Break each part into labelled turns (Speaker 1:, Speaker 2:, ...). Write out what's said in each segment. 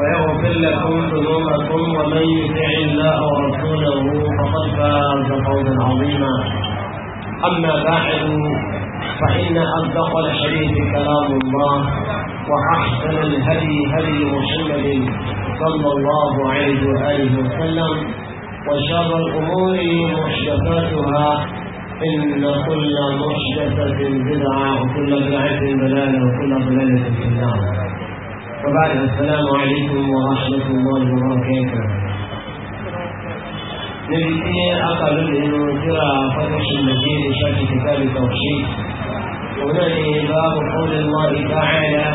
Speaker 1: ويغفر لكم ذنوبكم ومن يطع الله ورسوله فقد فاز فوزا عظيما اما بعد فان اصدق الحديث كلام الله واحسن الهدي هدي محمد صلى الله عليه واله وسلم وشر الامور محدثاتها ان كل محدثه بدعه وكل بدعه ضلاله وكل ضلاله في النار وبعد السلام عليكم ورحمة الله وبركاته
Speaker 2: نبتدي
Speaker 1: أقل إنه ترى فتح المجيد شرح كتاب التوحيد هنا باب قول الله تعالى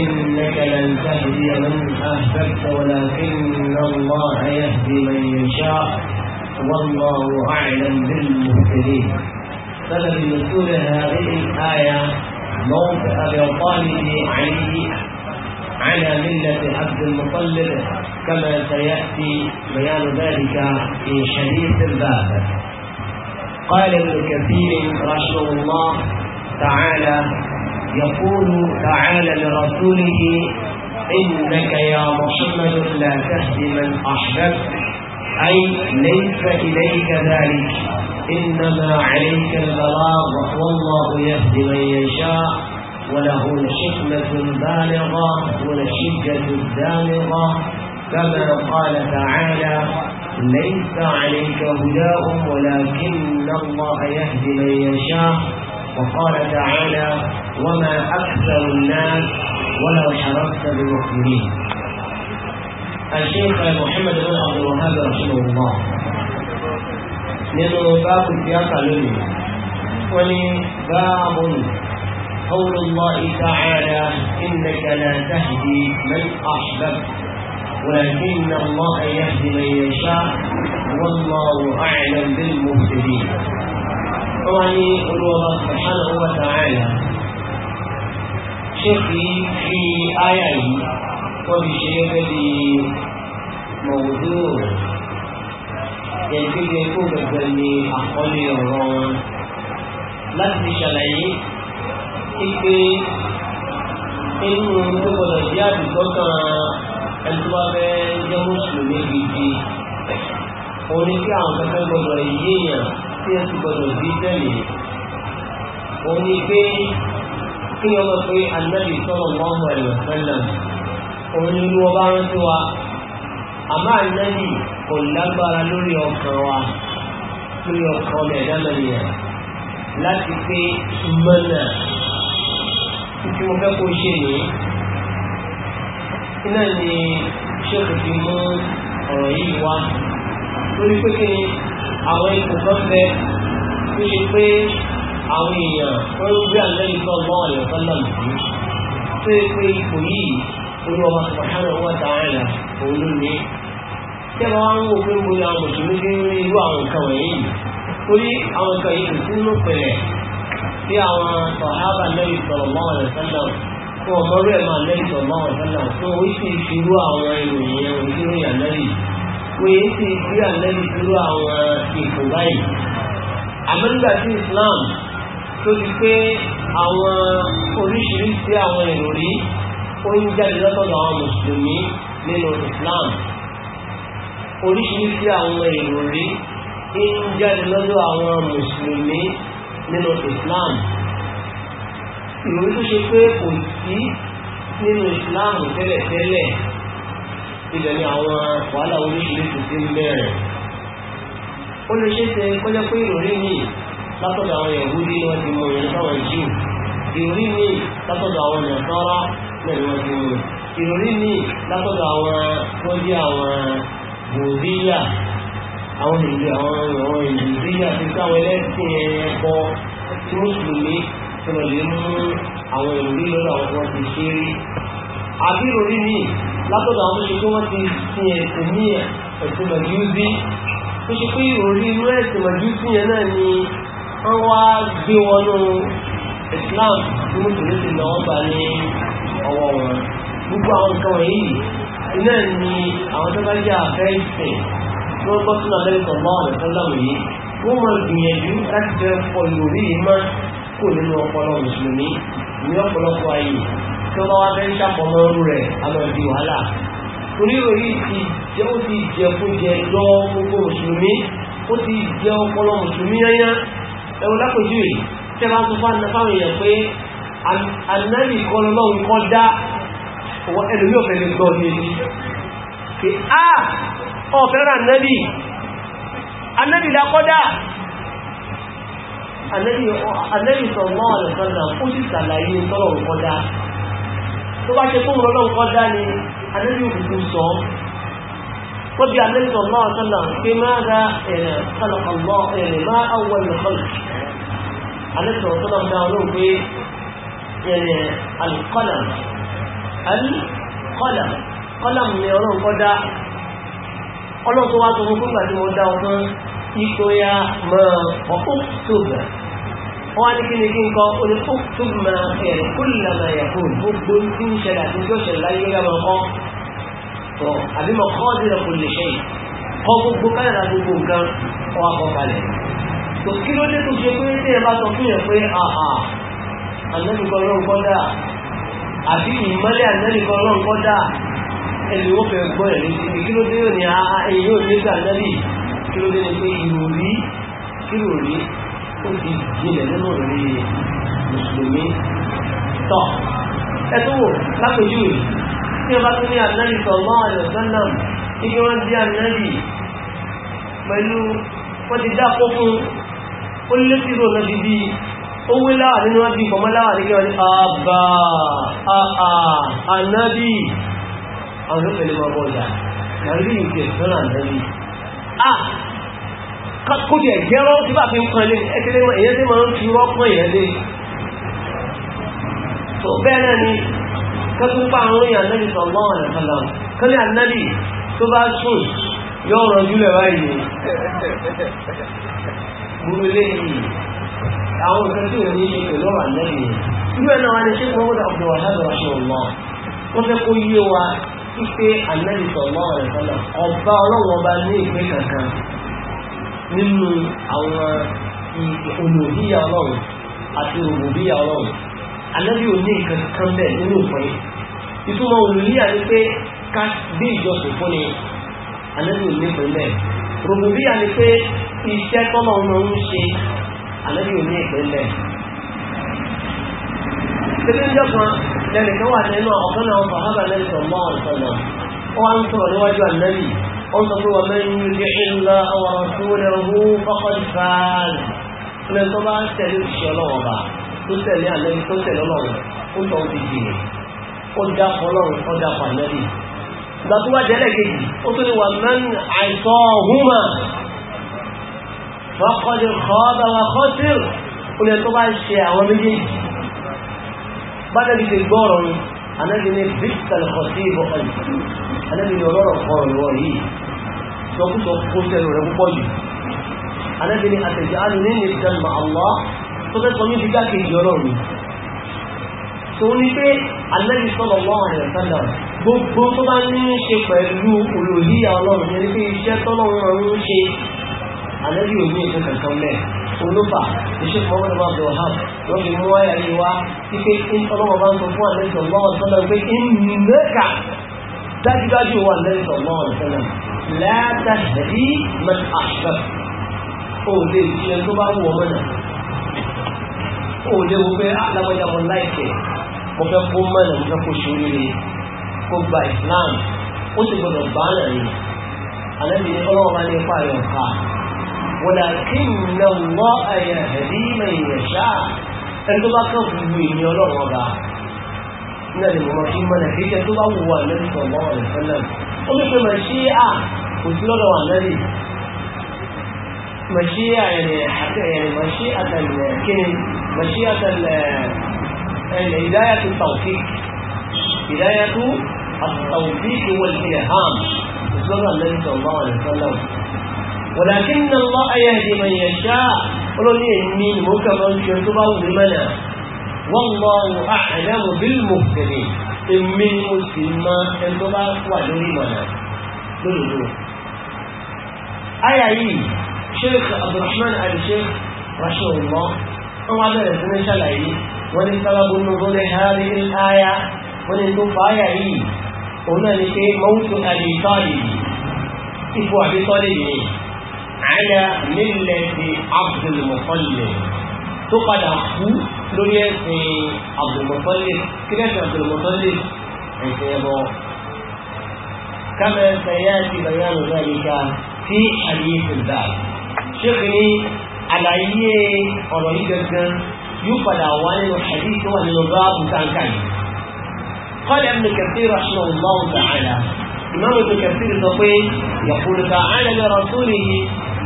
Speaker 1: إنك لن تهدي من أحببت ولكن الله يهدي من يشاء والله أعلم بالمهتدين سبب نزول هذه الآية موت أبي طالب عليه على ملة عبد المطلب كما سيأتي بيان ذلك في حديث الباب قال ابن كثير رحمه الله تعالى يقول تعالى لرسوله إنك يا محمد لا تهدي من أحببت أي ليس إليك ذلك إنما عليك البلاغ والله يهدي من يشاء وله الحكمة البالغة والشدة الدامغة كما قال تعالى ليس عليك هداهم ولكن الله يهدي من يشاء وقال تعالى وما أكثر الناس ولو حرصت بمؤمنين الشيخ محمد بن عبد الوهاب رحمه الله نظر باب السياسة لنا ولباب قول الله تعالى إنك لا تهدي من أحببت ولكن الله يهدي من يشاء والله أعلم بالمهتدين يعني الله سبحانه وتعالى شيخي في آية وبشيخ
Speaker 2: موضوع
Speaker 1: يجب أن يكون بالأقل يوم لا ṣàlàyé pé inú tó gbọdọ̀ jẹ́ àdìgbọ́ kan ẹni tó bá fẹ́ jẹ́ mùsùlùmí gidi òun ni kí àwọn kẹfẹ́ gbọdọ̀ yéèyàn tí ẹ ti gbọdọ̀ di tẹ́lẹ̀ òun ni pé kí ni ọmọ pé anábì sọ́lọ̀ mọ́mọ́ ẹ̀rọ sẹ́lẹ̀ òun ni olúwọ́ bá rántí wa àmọ́ anábì kò lágbára lórí ọkàn wa lórí ọkàn ọmọ ẹ̀dá mẹ́rin láti pé mọ́nà tí mo fẹ́ kó ṣe nìyí iná ni ṣéèkì fi mú ọ̀rọ̀ yìí wá lórí pé kí ni àwọn ipò kan bẹ tó ṣe pé àwọn èèyàn wọ́n ń gbé àlẹ́yìn tó ọgbọ́n ọ̀yọ̀ sọ́nà nìyí tó yẹ pé ipò yìí olú ọmọ sọ̀tàn ọwọ́ tààrà òun ló ní tẹ́lẹ̀ wá ń wò pé mo ní àwọn mùsùlùmí fi irú àwọn nǹkan wọ̀nyí torí àwọn nǹkan yìí kò sínú pẹ̀lẹ́ tí àwọn sọ̀hábà lẹ́yìn sọ̀rọ̀ mọ́ ọ̀rẹ́ sẹ́lẹ̀ tí wọ́n mọ́rú ẹ̀ máa lẹ́yìn sọ̀rọ̀ mọ́ ọ̀rẹ́ sẹ́lẹ̀ tí wọ́n sì ṣírú àwọn ìròyìn ẹ̀rùn tí ó yà lẹ́yìn wọ́n yé sì gbé àlẹ́yìn ṣírú àwọn ìkò báyìí. àmọ́nígbà tí Islam tó ti pé àwọn oríṣiríṣi àwọn ìròrí ó ń jáde lọ́tọ̀dọ̀ àwọn mùsùlùmí nínú Islam oríṣiríṣi àwọn ìròrí ń jáde lọ́dọ̀ àwọn mùsùlùmí nínú Islam ìròyìn tó ṣe pé kò sí nínú Islam tẹ́lẹ̀tẹ́lẹ̀ ibẹ̀ ni àwọn wàhálà oríṣiríṣi ti ń bẹ̀rẹ̀ ó lè ṣe é ṣe kọjá pé ìròyìn mi látọ̀dọ̀ àwọn Yahudi ni wọ́n ti mú ìrìn sáwọn Júù ìròyìn mi látọ̀dọ̀ àwọn Nàsárà náà ni wọ́n ti mú ìròyìn mi látọ̀dọ̀ àwọn tó jẹ́ àwọn Bòdíyà àwọn èdè àwọn àwọn èdè tí àti sáwọn ẹlẹ́sìn ẹ̀kọ́ tí ó sì lé tí wọ́n lè mú àwọn ìròrí lọ́dọ̀ àwọn tí wọ́n ti ṣe rí. àbí ìròrí mi látọ̀dọ̀ àwọn tó ṣe pé wọ́n ti sin ẹ̀sìn ní ẹ̀sìn màjúsí tó ṣe pé ìròrí inú ẹ̀sìn màjúsí yẹn náà ni wọ́n wá gbé wọnú Islam tí mo tòlé ti náà wọ́n bá ní ọwọ́ wọn. gbogbo àwọn nǹkan wọ̀nyí náà ni àwọn tó bá jẹ́ àfẹ́ ìsìn tí wọ́n gbọ́ sínú alẹ́ ìtàn máa rẹ̀ fún láwùí wọ́n máa gbìyànjú láti fẹ́ fọ ìròrí yìí máa kò nínú ọpọlọ mùsùlùmí ní ọ̀pọ̀lọpọ̀ ayé tí wọ́n bá wá fẹ́ ń ṣàpọ̀mọ́ ọrú rẹ̀ alọ́ di wàhálà torí ìròrí ti jẹ́ ó ti jẹ kó jẹ lọ gbogbo mùsùlùmí ó ti jẹ ọpọlọ mùsùlùmí yányá ẹ̀rọ lápòjú yìí tẹ́ bá tó fáwọn èèyàn pé ànábì kọ́ lọ́wọ́ kọ́ dá ẹlòmí ọ̀fẹ́ lè gbọ́ ní ẹni pé áà ah, ọ̀fẹ́ràn nẹ́bì anẹ́bì lákọ́dá anẹ́bì sọ̀rọ̀ ọ̀lẹ́sọ̀lá ó sì sàlàyé sọ́rọ̀ ọ̀kọ́dá tó bá ṣe fún ọlọ́run kọ́dá ni anẹ́bì òkùnkùn sọ wọ́n bí anẹ́bì sọ̀rọ̀ ọ̀lẹ́sọ̀lá pé máa ra ẹ̀rẹ̀ sọ́lọ̀kọ̀lọ́ ẹ̀rẹ̀ máa àwọn ìrọ̀kọ́lù anẹ́bì sọ̀rọ̀ sọ́lọ̀ dá ọlọ́run pé ẹ̀rẹ̀ alùkọ́là alùkọ́là kọ́là ni ọlọ́run kọ́dá ọlọ́run tó wá tó wọn fúngbà tí wọ́n dá wọn fún ìkóyà mọ́ ọ̀kúktùmọ̀ wọ́n á ní kí ni kí n kọ́ olùkúktùmọ̀ ẹ̀rọ kúlìlànà ẹ̀kọ́ gbogbo tí ń ṣẹlẹ̀ àti tó ṣẹlẹ̀ láyé yá máa kọ́ tọ́ àbí mọ̀ kọ́ dìrọ̀ kò lè ṣe kọ́ gbogbo káyọ̀dá gbogbo nǹkan ọwọ́ àkọ́kalẹ̀ tó kí ló dé tó ṣe pé tí ẹ bá sọ fún yẹn pé àhà ànẹ́bìkan lọ́nkọ́ dà àbí ìmọ́lẹ̀ ànẹ́bìkan lọ́nkọ́ dà ẹni ó fẹ́ gbọ́ ẹ̀ létí pé kí ló dé ní èyí ò ní gbà lẹ́lì kí ló dé ní pé ìròrí kí ló rí ó ti jinlẹ̀ nínú rí mùsùlùmí tọ̀ ẹ tó wò lápèjúwe tí ẹ bá tún ní ànábì sallallahu alaihi wasallam ibi wọn dé ànábì pẹ̀lú wọ́n ti dá kó fún ó lé sí ìrò lọ́dí bí ó wé láàrin wọn bí kọmọ láàrin kí wọ́n ní àbà àà ànábì àwọn yóò pẹ̀lú ọmọ ọjà nàrí ìkè lọ́nà àdẹ́bí à kó jẹ́ jẹ́rọ tí bá fi ń pọ̀lẹ̀ ẹ̀kẹ́lẹ́ èyẹ́ tí ma ń fi rọ́pọ̀ èyẹ́ ni kẹ́kúpa àwọn èèyàn lẹ́bi sọ̀gbọ́n àdàkọ́lá kẹ́lẹ́ ànábì tó bá sùn yóò rọjú lẹ̀ báyìí gbogbo eléyìí àwọn nǹkan tí ò ní ṣe pẹ̀lú ọ̀rọ̀ ànábì yìí ìgbẹ́ náà wá ní ṣé kí wọ́n ife anẹ́rìsọ̀ lọ́wọ́ rẹ̀ sọ́nà ọba ọlọ́wọ́ ọba ní ìpín kankan nínú àwọn olùbíyà ọlọ́run àti olùbíyà ọlọ́run anẹ́rì ò ní nǹkan kan bẹ́ẹ̀ nínú ìpín ìtumọ̀ olùbíyà ni pé ká gbé ìjọsìn fún ni anẹ́rì ò ní ìpín bẹ́ẹ̀ rògbòbíyà ni pé iṣẹ́ tọ́lọ́run ń ṣe anẹ́rì ò ní ìpín bẹ́ẹ̀ tẹ́lẹ̀ ìjọ kan lẹ́nìkan wà nínú ọ̀kan náà ọmọ ọ̀hábà lẹ́yìn tó mọ́ ọ̀sánà ó wá ń sọ̀rọ̀ níwájú ànábì ó ń sọ pé wọ́n mẹ́rin ní ìlà àwọn ọ̀túnwọlẹ̀ ọ̀hún fọ́kàn fàálì ilé tó bá tẹ̀lé òṣìṣẹ́ ọlọ́wọ́ bá tó tẹ̀lé ànábì tó tẹ̀lé ọlọ́wọ́ ó sọ tó wá jẹ́lẹ̀ kejì bádẹ́bí ti gbọ́ ọ̀rọ̀ yìí anábì ní bíṣítàlì kan sí ìbọn kan yìí anábì ní ọlọ́rọ̀ kan ìwọ yìí sọkúsọ kó sẹ́nu rẹ̀ púpọ̀ yìí anábì ní àtẹ̀jẹ́ á ní ní ìdánimọ̀ àwọ̀ tó fẹ́ sọ mí di káàkiri ọ̀rọ̀ mi tó ní pé anábì sọ̀rọ̀ wọ́n àrẹ̀ sádà gbogbo tó bá ní í ṣe pẹ̀lú olùyíyà ọlọ́run yẹn ní pé iṣẹ́ tọ́lọ́run ọ̀run ń ṣe anábì ò ní ìṣe kankan mẹ́ẹ̀ olúfà iṣẹ́ ìfọwọ́n bá bọ̀ hàn wọ́n fi mú wáyà yìí wá wípé ọlọ́wọ́ bá ń sọ fún àlẹ́sọ̀ lọ́wọ́ sọ́dọ̀ pé ìmìnẹ́kà dájúdájú wà lẹ́sọ̀ lọ́wọ́ sọ́dọ̀ látàrí mẹ́tàṣẹ́ òde ìṣẹ́ tó bá wù ọmọ náà òde wo pé alágbájá ah, mo láìpẹ́ mo fẹ́ kó mọ́nà mo fẹ́ kó ṣoríire kó gba ìsìláàmù ó sì gbọdọ̀ bá náà ni àlẹ́ mi ní ọlọ́wọ́ bá ní ipa rẹ̀ ولكن الله يهدي من يشاء انتم تقولوا مين يا رب من الله ما من تقولوا هو من صلى الله من وسلم ومثل من وسلوا له من مشيئة يعني من يعني مشيئة من مشيئة الهداية التوفيق هداية التوفيق والإلهام وسلوا له النبي صلى الله عليه وسلم ولكن الله يهدي من يشاء olóní èmi ìmọ̀ọ́kà máa ń ṣe tó bá wù mí mẹ́nà wallahu a'lamu bil muhtadin èmi ni mo sì mọ ẹni tó bá wà lórí ìmọ̀nà lódodo. àyà yìí sheikh abdulrahman ali sheikh rashe ọmọ wọn wá bẹ̀rẹ̀ sí ní ṣàlàyé wọn ní sábàbù nùgbọ́n ní hàrí àyà wọn ní tó fa àyà yìí òun náà ní pé mọ́wùtù àdìsọ́ọ̀lì ipò àdìsọ́ọ̀lì yìí àlà nílẹ̀ ti Abdul Muttalib tó padà kú lórí ẹ̀sìn Abdul Muttalib kí lẹ́sìn Abdul Muttalib ẹ̀sìn ẹ̀bọ. كما سيأتي بيان ذلك في حديث الباب شيخني àlàyé ọ̀rọ̀ yìí gangan yóò padà wá nínú hadith tó wà nínú báàbù kankan. قال ابن كثير رحمه الله تعالى امام ابن كثير الصفي يقول تعالى لرسوله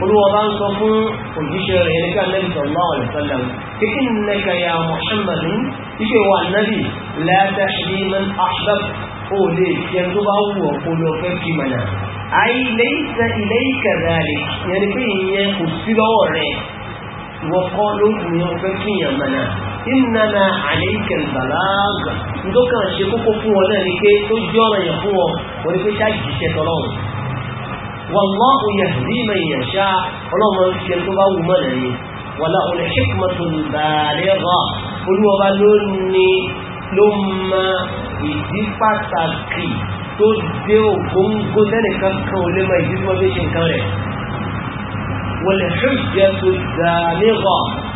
Speaker 1: قل هو ظن صفو قل يعني كان النبي صلى الله عليه وسلم فانك يا محمد ايش هو النبي لا تحبي من احببت قول لي ينزل هو قل في منا اي ليس اليك ذلك يعني كيف هي قصيده وقالوا ان ìnana àlẹ́kẹ̀ ìbàlágà tó kàn ṣe kókó fún wọn náà ni pé tó jọ ọ̀rọ̀ yẹn fún wọn wọn ni pé ṣáàjì iṣẹ́ tọ́lọ́run wallahu yahdi man yasha ọlọ́run máa ń fi ẹni tó bá wù mọ́nà ni wàlá òun hikmatu baligha olúwọba ló ní ló mọ ìdí pàtàkì tó dé ògóńgó tẹ́nìkan kan ò lè mọ ìdí tí wọ́n fi ṣe nǹkan rẹ̀ wal hujjatu baligha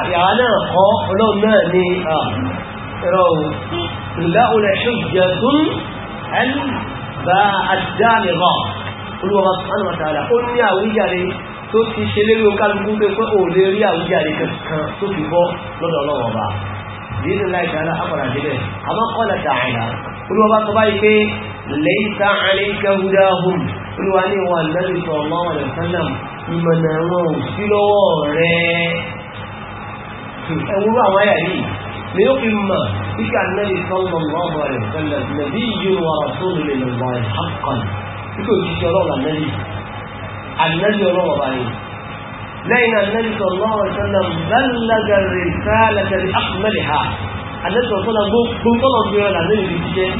Speaker 1: àyà náà kọ́ ọlọ́run náà ní ẹ̀rọ ìlàúlẹ̀ ṣíjẹ tún ẹlú bá àdáàlẹ̀mọ́ olúwa sọ́nà mọ̀tàlá ó ní àwíjàre tó ti ṣe lérí okálukú pé pé ò lè rí àwíjàre kankan tó fi bọ́ lọ́dọ̀ bá dínú láìdára àpàdà débẹ̀ àmọ́ olúwa bá sọ báyìí pé lẹ́yìntà àríkà húdáhùn olúwa ní ẹ̀wúrú àwọn ẹ̀yà yìí ni yóò fi mọ̀ kíkà nẹ́bí sallallahu alaihi wasallam nabiyyun wa rasulun lillahi haqqan kíkò jíṣẹ́ ọlọ́run ànẹ́bí ànẹ́bí ọlọ́run ọba yìí lẹ́yìn ànẹ́bí sallallahu alaihi wasallam ballaga risalata bi akmaliha ànẹ́bí sọ̀rọ̀ gbogbo tọ́lọ̀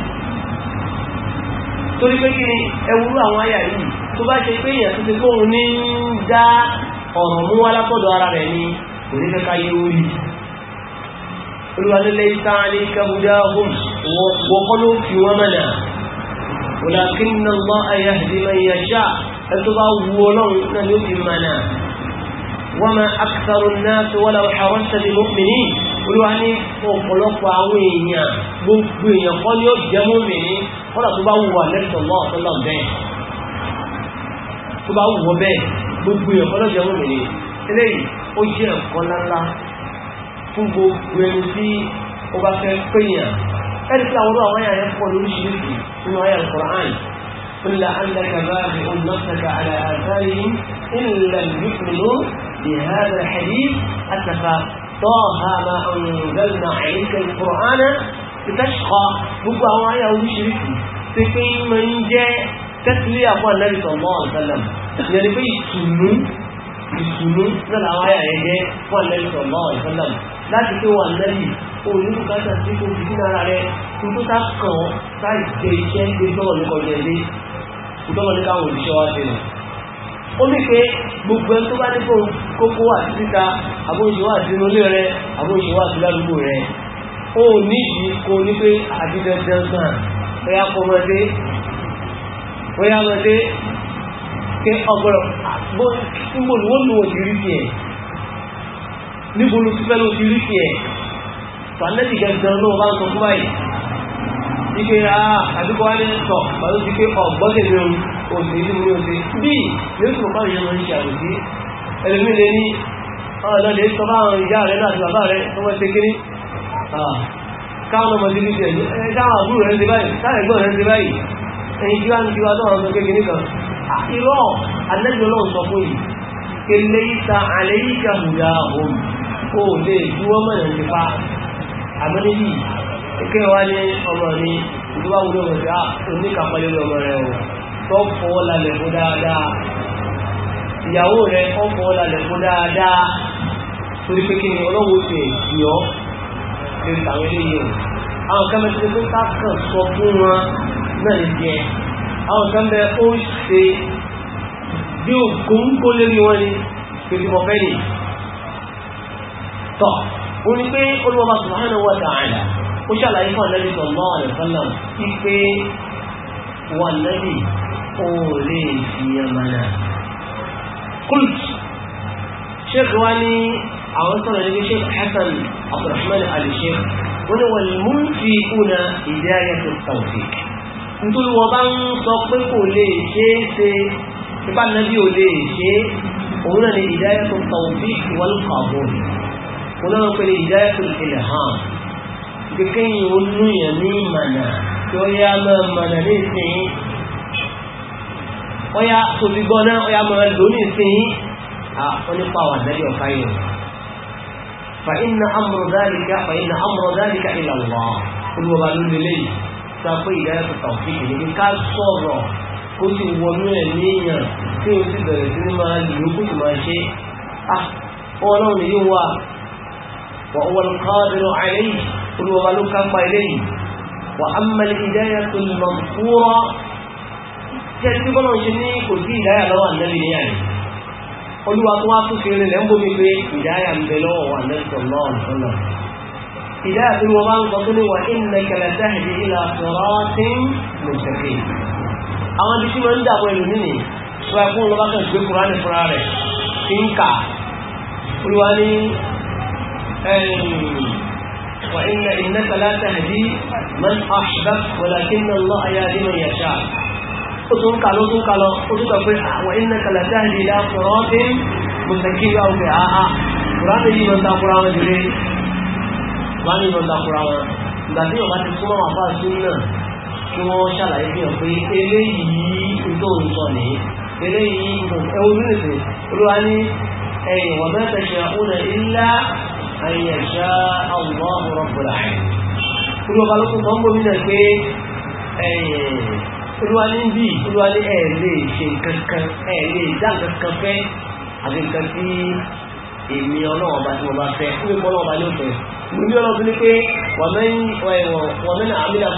Speaker 1: torí pé kí ni ẹwúrú àwọn àyà yìí tó bá ṣe pé èèyàn tó ti kóhun ní ń dá ọ̀rọ̀ mú wá látọ̀dọ̀ ara kò ní fẹ́ ká yé orí olùwàlélẹ́ ìta ní kẹbùdá hùn wọ́kọ́ ló fi wọ́n mẹ́nà walakinna Allaha yahdi man yasha ẹ̀tọ́ bá wù ọlọ́run náà ló fi mẹ́nà wa ma aktharu an-nasi walaw harasta bi mu'minin olúwa ní ọ̀pọ̀lọpọ̀ àwọn èèyàn gbogbo èèyàn kọ́ ni ó jẹ́ mọ́mìnì kọ́nà tó bá wùwà lẹ́tọ̀lọ́ ọ̀tọ́lọ́ bẹ́ẹ̀ tó bá wùwọ́ bẹ́ẹ̀ gbogbo èèyàn kọ́ ló jẹ́ mọ́mìnì eléyìí ó jẹ́ ẹ̀kọ́ ńláńlá fún gbogbo ẹni tí ó bá fẹ́ péyàn ẹni tí àwọn àwọn àyà pọ̀ lóríṣiríṣi nínú àyà Al-Qur'an ńlá àndàkàbá bí ọ̀nàṣàkà àlà àtàrí ńlá ìlú بهذا الحديث أسفا طه ما أنزلنا عليك القرآن لتشقى gbogbo àwọn àyà oríṣiríṣi ti pé ń jẹ́ tẹ́sílẹ̀ àpọ̀ àlẹ́rìsọ̀ mọ́ ọ̀sálẹ̀m ìyẹn ni ìtùnú náà làwọn ayà yẹn jẹ́ fún àlẹ́lì sọ̀rọ̀ ìfọ́nà láti pé wà lẹ́yìn òní bùkátà sí kò sí nára rẹ kò tó ta kàn ọ́ láì gbé iṣẹ́ gbé gbọ́dọ̀ ní kọjá ilé kò tọ́lọ́ ní káwọn òṣìṣẹ́ wa ṣe nù. ó ní pé gbogbo ẹni tó bá ní kó kókó wà síta àbóṣe wà sínú ilé rẹ àbóṣe wà sí ládùúgbò rẹ ó ní yìí kó ní pé àdídẹ́dẹ́ náà bóyá kọ́mọdé bóyá ọmọdé pé ọgbọ̀rọ̀ gbogbo ló ti rí sí ẹ̀ níbo ló ti fẹ́ ló ti rí sí ẹ̀ tọ́lẹ́tì gẹ̀gẹ̀rẹ̀ ló bá ń sọ fún báyìí ike aa ah, àdúgbò wa ní sọ pàtó ti pé ọgbọ́dẹ̀ mi ò sí ní mi ò sí bí yóò tún báyìí lọ ń ṣe àròsí ẹlòmíì lè ní ah, ọ̀dọ́ lè sọ bá àwọn ìyá rẹ̀ náà àti bàbá rẹ̀ tó wọ́n ṣe kiri ah, káwọn ọmọdé ní ṣe ẹ̀yìn ẹ̀dáwọn eh, àbúrò rẹ̀ ti báyìí táwọn ẹ̀gbọ́n rẹ̀ ti báyìí ẹ̀yìn kí wá ní kí wá tó àkírọ̀ alẹ́jọ́ lọ́wọ́ sọ fún yìí kele ita alẹ́ yìí kà múra òun kó o lè ju ọmọ rẹ̀ nípa àmọ́lẹ́ yìí ẹ̀kẹ́ wa ní ọmọ mi ìdúrà wúlò ah, ọmọ rẹ̀ oníkàpọ̀lẹ́ ọmọ rẹ̀ o tó fọwọ́ lálẹ́ fún dáadáa ìyàwó rẹ̀ ó fọwọ́ lálẹ́ fún dáadáa torí pé kí ni ọlọ́wọ́ ti ẹ̀jì ọ́ lórí àwọn eléyìí o àwọn kẹ́mẹ́tì àwọn kan bẹ ó ṣe bí ògùn kó lérí wọn ni pèsè ọ̀fẹ́ ni tọ́ ó ní pé olùwọ́ba subhanahu wa ta'ala ó ṣàlàyé fún ànábì sallallahu alaihi wasallam kí pé wà lẹ́bí ó lè fi ẹmọ́nà kult sheikh wa ní àwọn sọ̀rọ̀ ní sheikh hasan abdulrahman al wọ́n ni wọ́n mú fi kúna ìdáyàtò tawfiq nítorí wọn bá ń sọ pé kò lè ṣe é ṣe nípa nàbí ò lè ṣe òun náà ni ìdáyà tó tàn bí ìwọlù kàbọ òun náà pé ìdáyà tó ìṣẹlẹ hàn kékeré yìí ó núyàn ní ìmànà tí ó yá máa mànà ní ìsìn ọya tóbi gbọ́n náà ọya máa lò ní ìsìn àwọn nípa àwọn àdáyé ọ̀ká yìí fa inna amru dhalika fa inna amru dhalika ila Allah olùwọ̀bá ló lélẹ́yìí sọ pé ìdára tó tàn fi ìdílé ká sọ̀rọ̀ kó sì wọnú ẹ̀ níyàn tí o sì bẹ̀rẹ̀ sí ní máa lò ó kó sì máa ṣe à ah, wọn náà nìyí wà wà wọn kọ́ nínú àyè yìí olùwàwà ló kápá ilé yìí wà á mẹ́lẹ̀ ìdára tó lọ fúnra jẹ́ tí bọ́lá ń ṣe ní kò sí ìdára lọ́wọ́ ànábì ní àyè olùwà tó wá tún fi rìn lẹ́ńbọ̀mí pé ìdára ń bẹ lọ́wọ́ ànábì sọ̀rọ̀ náà ìyá àti wọn bá ń sọ pé wà innaka latahdi ila siratin mustaqim àwọn ibi tí wọ́n ń dàbọ̀ ìlú nínú tó bá fún ọlọ́bá kan gbé kúránì fúnra rẹ̀ tí ń kà olúwa ní wà innaka latahdi man ahbabta walakinna Allaha yahdi man yasha ó tún kà ló tún kà lọ ó tún kà pé wà innaka latahdi ila siratin mustaqim báwo pé àhà kúránì yìí ló ń ta kúránì wọ́n á ní ìyọ̀ǹda fúnra wọn ìgbà tí yorùbá ti súnmọ́ àwọn afá sí náà kí wọ́n ṣàlàyé fi hàn pé eléyìí ìtò òǹtọ̀ nìyí eléyìí ẹwú nílùú olúwa ní ẹ̀yìn wọ́n mẹ́ta ṣe àkúnà ilá àyẹ̀ṣà àwọn ọmọ ọ̀rọ̀ olúwa ló tún kọ́ ń bomi náà pé olúwa ní bí olúwa ní ẹ̀ lè ṣe nǹkan ẹ̀ lè dá nǹkan fẹ́ àti nǹkan tí èmi ọlọ́wọ́ bá tí mo bá fẹ́ kí ló ní òfin ní ọlọ́run ní pé wọ̀mẹ́n àmìlà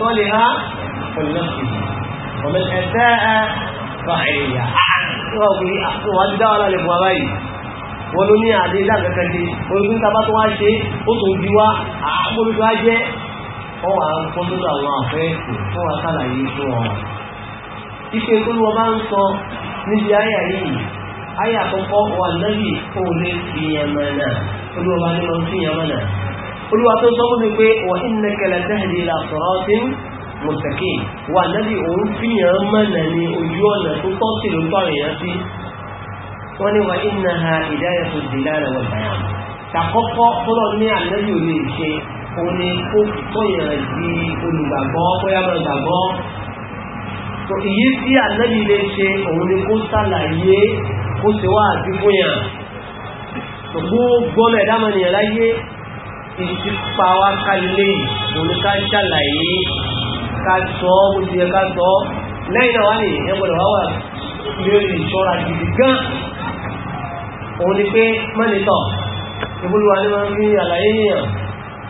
Speaker 1: sọ́ọ̀lẹ̀ ha pẹ̀lúmọ́sí wọ̀mẹ́n ẹ̀fẹ́ ẹ̀ fàáyà àti wọ́n ti dáwà lálẹ́ buwa báyìí wọ́n ló ní àdé lágbẹ̀kẹ́dé olùkún tàbá tó wá ṣe ó tó bí wá àgbóbi tó wá jẹ́ wọ́n wà ń kọ́ lórí àwọn àfẹ́ẹ̀kù fún wa sálàyé fún wọn ife tó lọ bá ń sọ níbi ayà yìí ayà àkọ́kọ́ wà lẹ́yìn kó olúwa ní ma ń fi yàn mọ́nà olúwa tó sọ fún mi pé wà ní kẹlẹ̀ tẹ́hìdì ilà sọ̀rọ̀ tí mùsàkì wà nábì òun fi yàn mọ́nà ní ojú ọ̀nà tó tọ́ sí ló tọ́ àrèyàn sí wọ́n ní wà ní ha ìdáyà tó di lára wọn bàyà tàkọ́kọ́ tọ́lọ ní ànábì ò lè ṣe òun ni kó tọ́yàn di olùgbàgbọ́ bóyá mọ̀ gbàgbọ́ èyí tí ànábì lè ṣe òun ni kó sàlàyé kó ṣe wá àti yàn gbogbo ọmọ ẹ̀dá mọ̀nìyàn láyé ìdí pa wá kálílé òní ká ṣàlàyé ká sọ ọ́ bó ti yẹ ká sọ ọ́ lẹ́yìn náà wá ní ìyẹn gbọ́dọ̀ wá wà lórí ìṣọ́ra gidi gan òun ni pé mọ́nìtọ̀ ìbúlùwà ni wọ́n fi àlàyé yìnyàn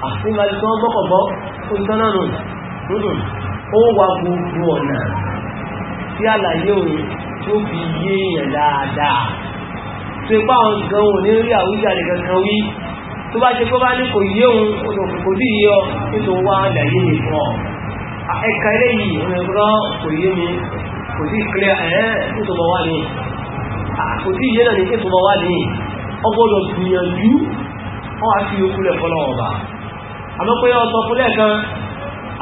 Speaker 1: àti ìbájú tó ń gbọ́kọ̀gbọ́ oúnjẹ náà nù lódùn ó wà gbogbo ọ̀nà tí àlàyé òun tó fi yé èèyàn dáadáa tó ipá àwọn gan òní rí àwíjàre kankan wí tó bá ṣe kó bá ní kò yé òun kò dí yé ọ nítorí wá àlàyé mi fún ọ ẹ̀ka eléyìí òun ẹ̀rọ kò yé mi kò sí ìpínlẹ̀ ẹ̀ẹ́ nítorí wá ní kò sí ìyé náà ní nítorí wá ní ọgbọ́dọ̀ gbìyànjú wọ́n wá sí okú lẹ̀ fọ́lọ́ ọba àmọ́ pé ọsọ fún lẹ́ẹ̀kan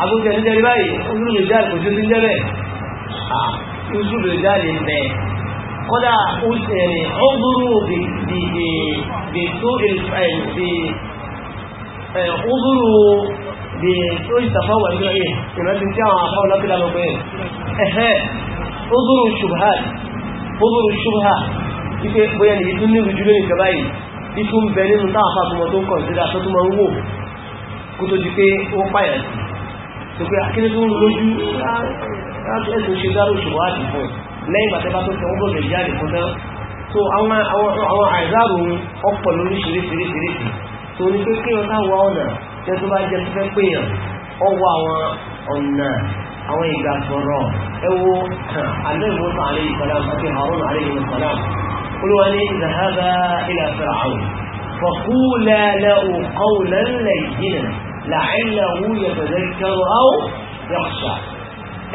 Speaker 1: agbóhùn ẹ̀ńdẹ́rẹ́ báyìí ó dúró lè jáde kò sí ó ti ń jẹ́ bẹ́ẹ̀ kọ́dà ọgbúrú bí tó ọgbúrú eh, eh, eh, bí tó ìtàfáwà ní ọ̀yẹ́ ìrántí tí àwọn afọ́ lọ́pìlá lọ́pẹ́ ẹ̀hẹ́ ọgbúrú ṣubhá ọgbúrú ṣubhá wípé bóyá ní ìtún ní ìrújúlé nìkan báyìí ìtún bẹ nínú táàfà tó mọ́ tó ń kọ̀nsídà tó tún mọ́ ń wò kó tó di pé ó pààyàn tó pé akíní tó ń lójú ẹ̀sùn ṣe dáró ṣùgbọ́n àti fún ẹ̀ lẹ́yìn bàtẹ́bá tó tẹ̀wọ́ bọ̀lẹ̀ jáde fún náà so àwọn àwọn àìzáàrò ohun ọ̀pọ̀ lórí ṣiríṣiríṣiríṣi tó ní pé kí ọ̀tá wà ọ̀nà tẹ́ tó bá jẹ́ tó fẹ́ pé yàn ọwọ́ àwọn ọ̀nà àwọn ìgbà sọ̀rọ̀ ẹwọ́ àlẹ́wò àlẹ́ ìsàlám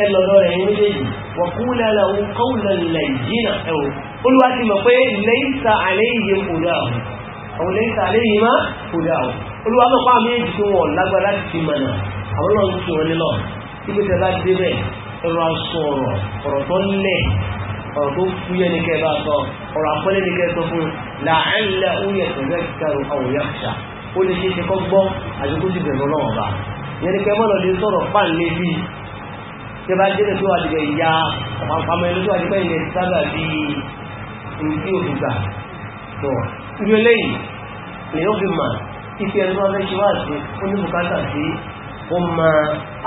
Speaker 1: ẹlọ́dọ̀ rẹ̀ yín méjèèjì wọ̀kúnlẹ̀ lọ́wọ́ kọ́ùlẹ̀ lẹ́yìnà ẹ̀wọ̀ olúwa ti mọ̀ pé lẹ́yìnsà àléyìí kòdà ọ̀hún àwọn lẹ́yìnsà àléyìí má kòdà ọ̀hún olúwa mọ̀ pàmì èjì tó wọ̀ lágbára ti mọ̀nà àwọn náà ń tún wọn nílọ ibi tẹ bá dé bẹ́ẹ̀ ẹ̀rọ aṣọ ọ̀rọ̀ ọ̀rọ̀ tó lẹ̀ ọ̀rọ̀ tó fúyẹ́ ní kẹ́ẹ̀ bá sọ ọ̀rọ̀ àpọ́lẹ́ ní kẹ́ẹ̀ ó lè ṣe ṣe kọ́ gbọ́ àti kó sì bá yẹn ni kẹ́ẹ̀ mọ́ lè sọ̀rọ̀ tí a bá dé lójú àdìgbẹ́ ìyá àpamọ́ lójú àdìgbẹ́ ilẹ̀ sábà bí ìlú tí òfin gbà tó irú eléyìí ni ó fi mà ife ẹni wọn fẹ́ ṣe wá sí ó ní bùkátà sí ó mọ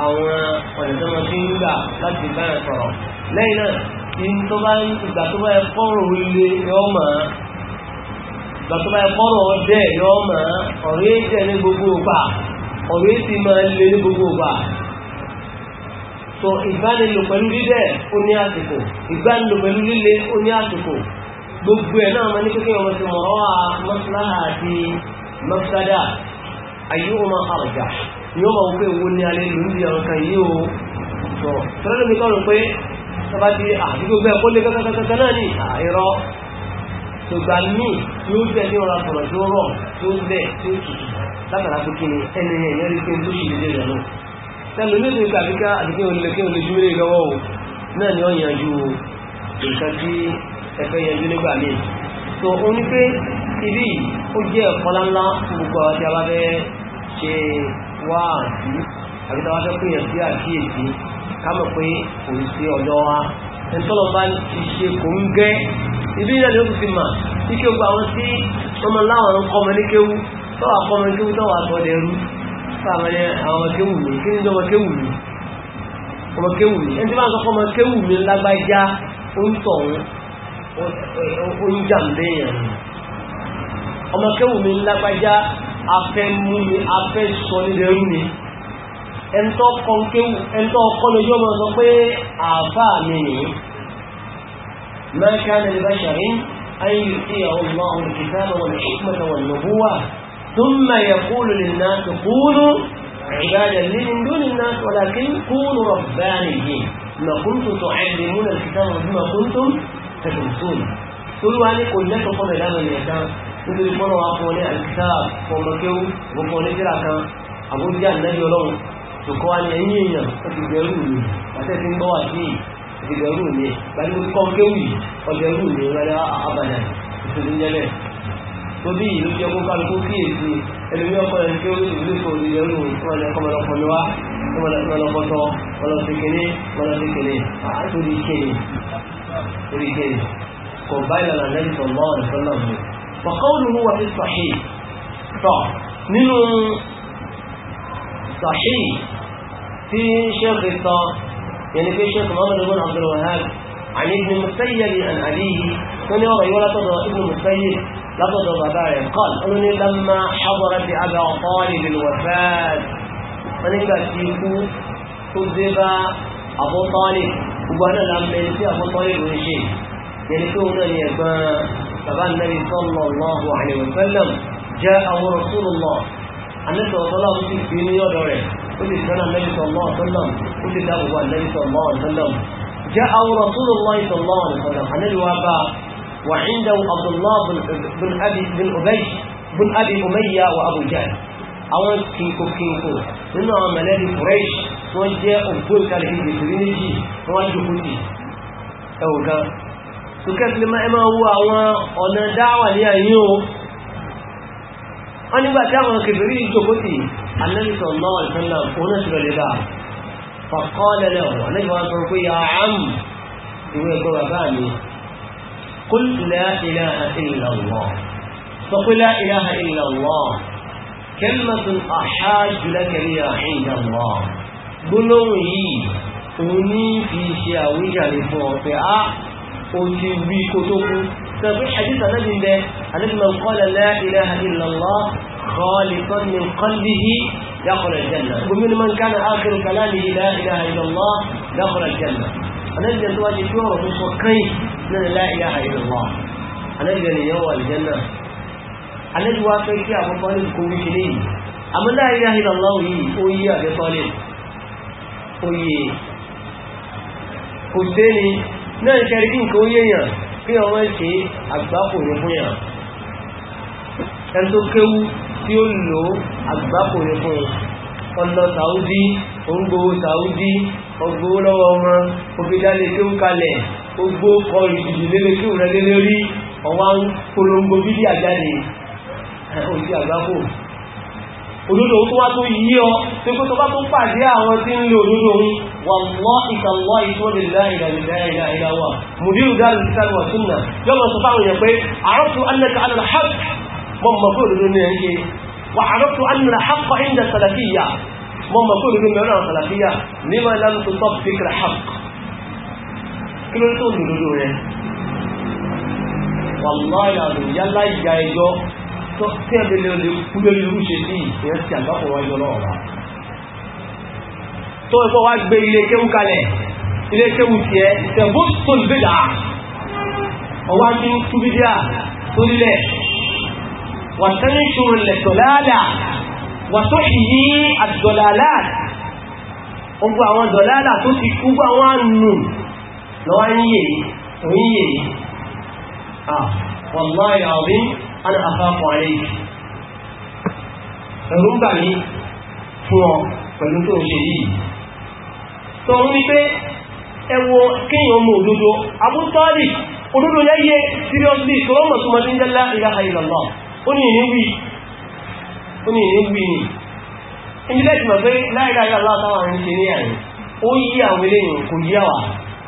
Speaker 1: àwọn ọ̀nà tó wọn fi ń gbà láti bá ẹ̀ sọ̀rọ̀ lẹ́yìn náà ìgbà tó bá yẹ kọ́rọ̀ ilé yọ ìgbà tó bá yẹ kọ́rọ̀ ọdẹ yọ ọ̀rẹ́ ìtẹ̀ ní gbogbo ògbà ọ̀rẹ́ ìtì máa ń ní gbogbo ògbà tó ìbánilò pẹ̀lú dídẹ̀ ó ní àsìkò ìbánilò pẹ̀lú líle ó ní àsìkò gbogbo ẹ̀ náà ma ní kékeré ọmọ tí mo rọ́ wa àti mọ́sádà ayé ó máa àrùjá ni ó máa wọ́pẹ́ owó ní alẹ́ ló ń di ọ̀rọ̀ kan yìí ó sọ tọ́lá lómi kọ́ rò pé sábà ti àdúgbò bẹ́ẹ̀ kó lé kankan náà ní àìrọ́ tògbà míì tí ó bẹ̀ ní ọ̀rọ̀ àtọ̀rọ̀ tó rọ̀ tó bẹ̀ tó tutù látàrà pé kí ni ẹni ẹ̀yẹ́ rí pé tó ṣì lè rẹ̀ náà tẹ́lú ní ìlú kàbíká àdíkẹ́ olùlẹ́kẹ́ olùdúwẹ́rẹ́ lọ́wọ́ o náà ni ó yanjú nǹkan tí ẹ̀fẹ́ yanjú nígbà míì so ó ní pé ibi ó jẹ́ ẹ̀kọ́ láńlá gbogbo àwọn tí a bá fẹ́ ṣe wá àti àbí tí a bá fẹ́ pèèyàn sí àkíyèsí ká mọ̀ pé kò ní sí ọ̀dọ́ wa ẹni tọ́lọ̀ bá ti ṣe kò ń gẹ́ ibi náà ni ó fi mà ní kí o gba àwọn tí ọmọ láwọn ọmọ ní kéwu tọ́wọ́ àkọ́mọ ní kéwu tọ́wọ́ àtọ́dẹ̀rú sáàmàlẹ́ àwọn ọmọkéwùmí kí ní ọmọkéwùmí ọmọkéwùmí ẹni tí wọ́n sọ ọmọkéwùmí lágbájá oúntọ̀hún oúnjàmbéyàn ọmọkéwùmí lágbájá afẹ́múmi afẹ́sọ́nidẹ́rú ni ẹntọ́ ọkọ́lójú ọmọ sọ pé àfà mi ni mẹ́kánilẹ́bẹ̀ṣẹ̀rin ayé ìfẹ́ ọlọ́run kìtàbà wọn ìṣẹ́kùnmọ̀ta wọn lọ́búwà ثم يقول للناس كونوا عبادا لي من دون الناس ولكن كونوا ربانيين ما كنتم تعلمون الكتاب وبما كنتم تدرسون قلوا أن قل لك قل لا من يتام قلوا يقولوا وأقولي الكتاب ومكيو وقولي جراكا أقول جاء النبي ولون تقوى أن ينينا فتجروني فتجروني بواتي فتجروني بل يقول كونكوي فتجروني ولا أبدا فتجروني tó bí ìlú jẹ́ kó kálukú kíyèsí ẹlòmí ọkọ rẹ̀ kí ó sì lè fò ní ẹrù ìfọ̀nà ọmọlọpọ̀ ni wá ọmọlọpọ̀tọ̀ ọlọ́sìnkìní ọlọ́sìnkìní àtúrí kéde orí kéde kò bá ìlànà lẹ́yìn tó mọ́ ọ̀rẹ́ tó náà mú. Fọ̀kọ́ olùrú wà sí sàṣì tọ̀ nínú sàṣì tí ṣẹ́ẹ̀kì sọ yẹni pé ṣẹ́ẹ̀kì Muhammad ibn Abdul Wahhab àní ibn Musayyib an Alihi wọ́n ní ọ̀rọ̀ yọ́lá tọ̀dọ̀ ibn Musayyib látọ̀dọ̀ bàbá rẹ̀ kọ́l oní lámà ṣàbọ̀rẹ́ ti àgbà ọ̀pọ̀lì lèlùwọ̀fẹ́ẹ̀d wọ́n nígbà tí ikú tó dé bá àbọ̀tọ́lì gbogbo àná lámẹ́ tí àbọ̀tọ́lì ló ń ṣe yẹni tó ń náà yẹ gan bàbá nàbí sọ́lọ̀ lọ́hùn àlèwọ̀fẹ́lẹ̀m jẹ́ àwọn rọ̀ṣúlùmọ̀ àlẹ́sọ̀ ọ̀tọ́lá ó sì gbé ní ọ̀dọ̀ rẹ̀ ó sì sọ́nà nàbí sọ̀lọ́ ọ̀tọ́lọ̀ ó sì dáàbò wà nàbí sọ̀lọ́ ọ̀tọ́lọ̀ jẹ́ àwọn rọ̀ṣúlùmọ̀ ìsọ̀lọ́ ọ̀tọ́lọ̀ àlẹ́lùwà bá وعنده عبد الله بن أبي بن أبي بن أبي أمية وأبو جهل àwọn kìnkò kìnkò nínú àwọn mẹ̀lẹ́bí fresh tí wọ́n jẹ́ òkú ìkàlẹ̀ ìdè tó níjì tí wọ́n jù kúrò ẹ̀wọ̀n kan tó kẹ́kìlẹ̀ máa ẹ máa wo àwọn ọ̀nà dáwà ní àyín o
Speaker 2: wọ́n
Speaker 1: nígbà tí àwọn kèfèrí ìjòkótì anẹ́lìsọ̀ náà ìfẹ́lá náà قل لا إله إلا الله فقل لا إله إلا الله كلمة أحاج لك بها عند الله بلوي أني في شاوية لفوطئة أني في كتب ففي حديث النبي ده النبي من قال لا إله إلا الله خالصا من قلبه دخل الجنة ومن من كان آخر كلامه لا إله إلا الله دخل الجنة أنا ده سواء شو رمش وكيف lẹ́nu la ilaha illallah anábìyàn nìyẹn wà aljanna anábì wá fẹ́ kí Abu Talib kó wíṣẹ́ léyìí àmọ́ la ilaha illallah yìí ó yí Abu Talib ó yé kò sẹ́ni náà kẹrí kí nǹkan ó yéèyàn kí wọ́n máa ṣe àgbákò ní fún yàn ẹni tó kéwú tí ó lò àgbákò ní fún yàn ọ̀nà sàúdí òǹgbò sàúdí ọgbò lọ́wọ́ wọn òfìdálẹ̀ tó ń kalẹ̀ gbogbo kọ ìdìdì lélẹ̀ kí òun lélẹ̀ rí ọwá ń polongo bídí àjáde òsì àgbákò òdodo tó wá tó yí ọ tó kó tó bá tó pàdé àwọn tí ń lo òdodo ń wàlọ́ ìkàlọ́ ìtọ́lẹ̀ láìláìláìláwà mùdírù dáàlù sáré wà súnà yọ́mọ sọ fáwọn èèyàn pé àrọ́tù annaka alal haq mọ́ mọ́ pé òdodo ní ẹ̀ńṣe kí ló tó òdòdó rẹ̀ wàláì àlòyálá ìyá ẹjọ́ tó tẹ́lẹ̀ lè kú lórí irú ṣe sí ìfẹ́ sí àgbàpọ̀ wájú ọlọ́ọ̀wá tó ẹ̀kọ́ wá gbé ilé kéwú kalẹ̀ ilé kéwú tiẹ̀ ìtẹ̀gbó tó ń gbéjà ọwá ní túbídíà tó lẹ̀ wà tẹ́lẹ̀ ìṣòro lẹ̀ tọ̀láàlà lọ́wọ́ ń yè ń yè wallahi alazim ana akhafu alayk ẹ̀rù ń bà mí fún ọ pẹ̀lú tó ń ṣe yìí tó ń rí pé ẹwọ kíyàn mú òdodo Abu Talib òdodo lẹ́yẹ seriously tó rọ́mọ̀ tó mọ́ sí la ilaha illallah ó ní ìní wí ó ní ìní wí ni ìbílẹ̀ ìtìmọ̀ pé la ilaha illallah táwọn àrin ṣe ní àrin ó yí àwọn eléyìn kò yí àwà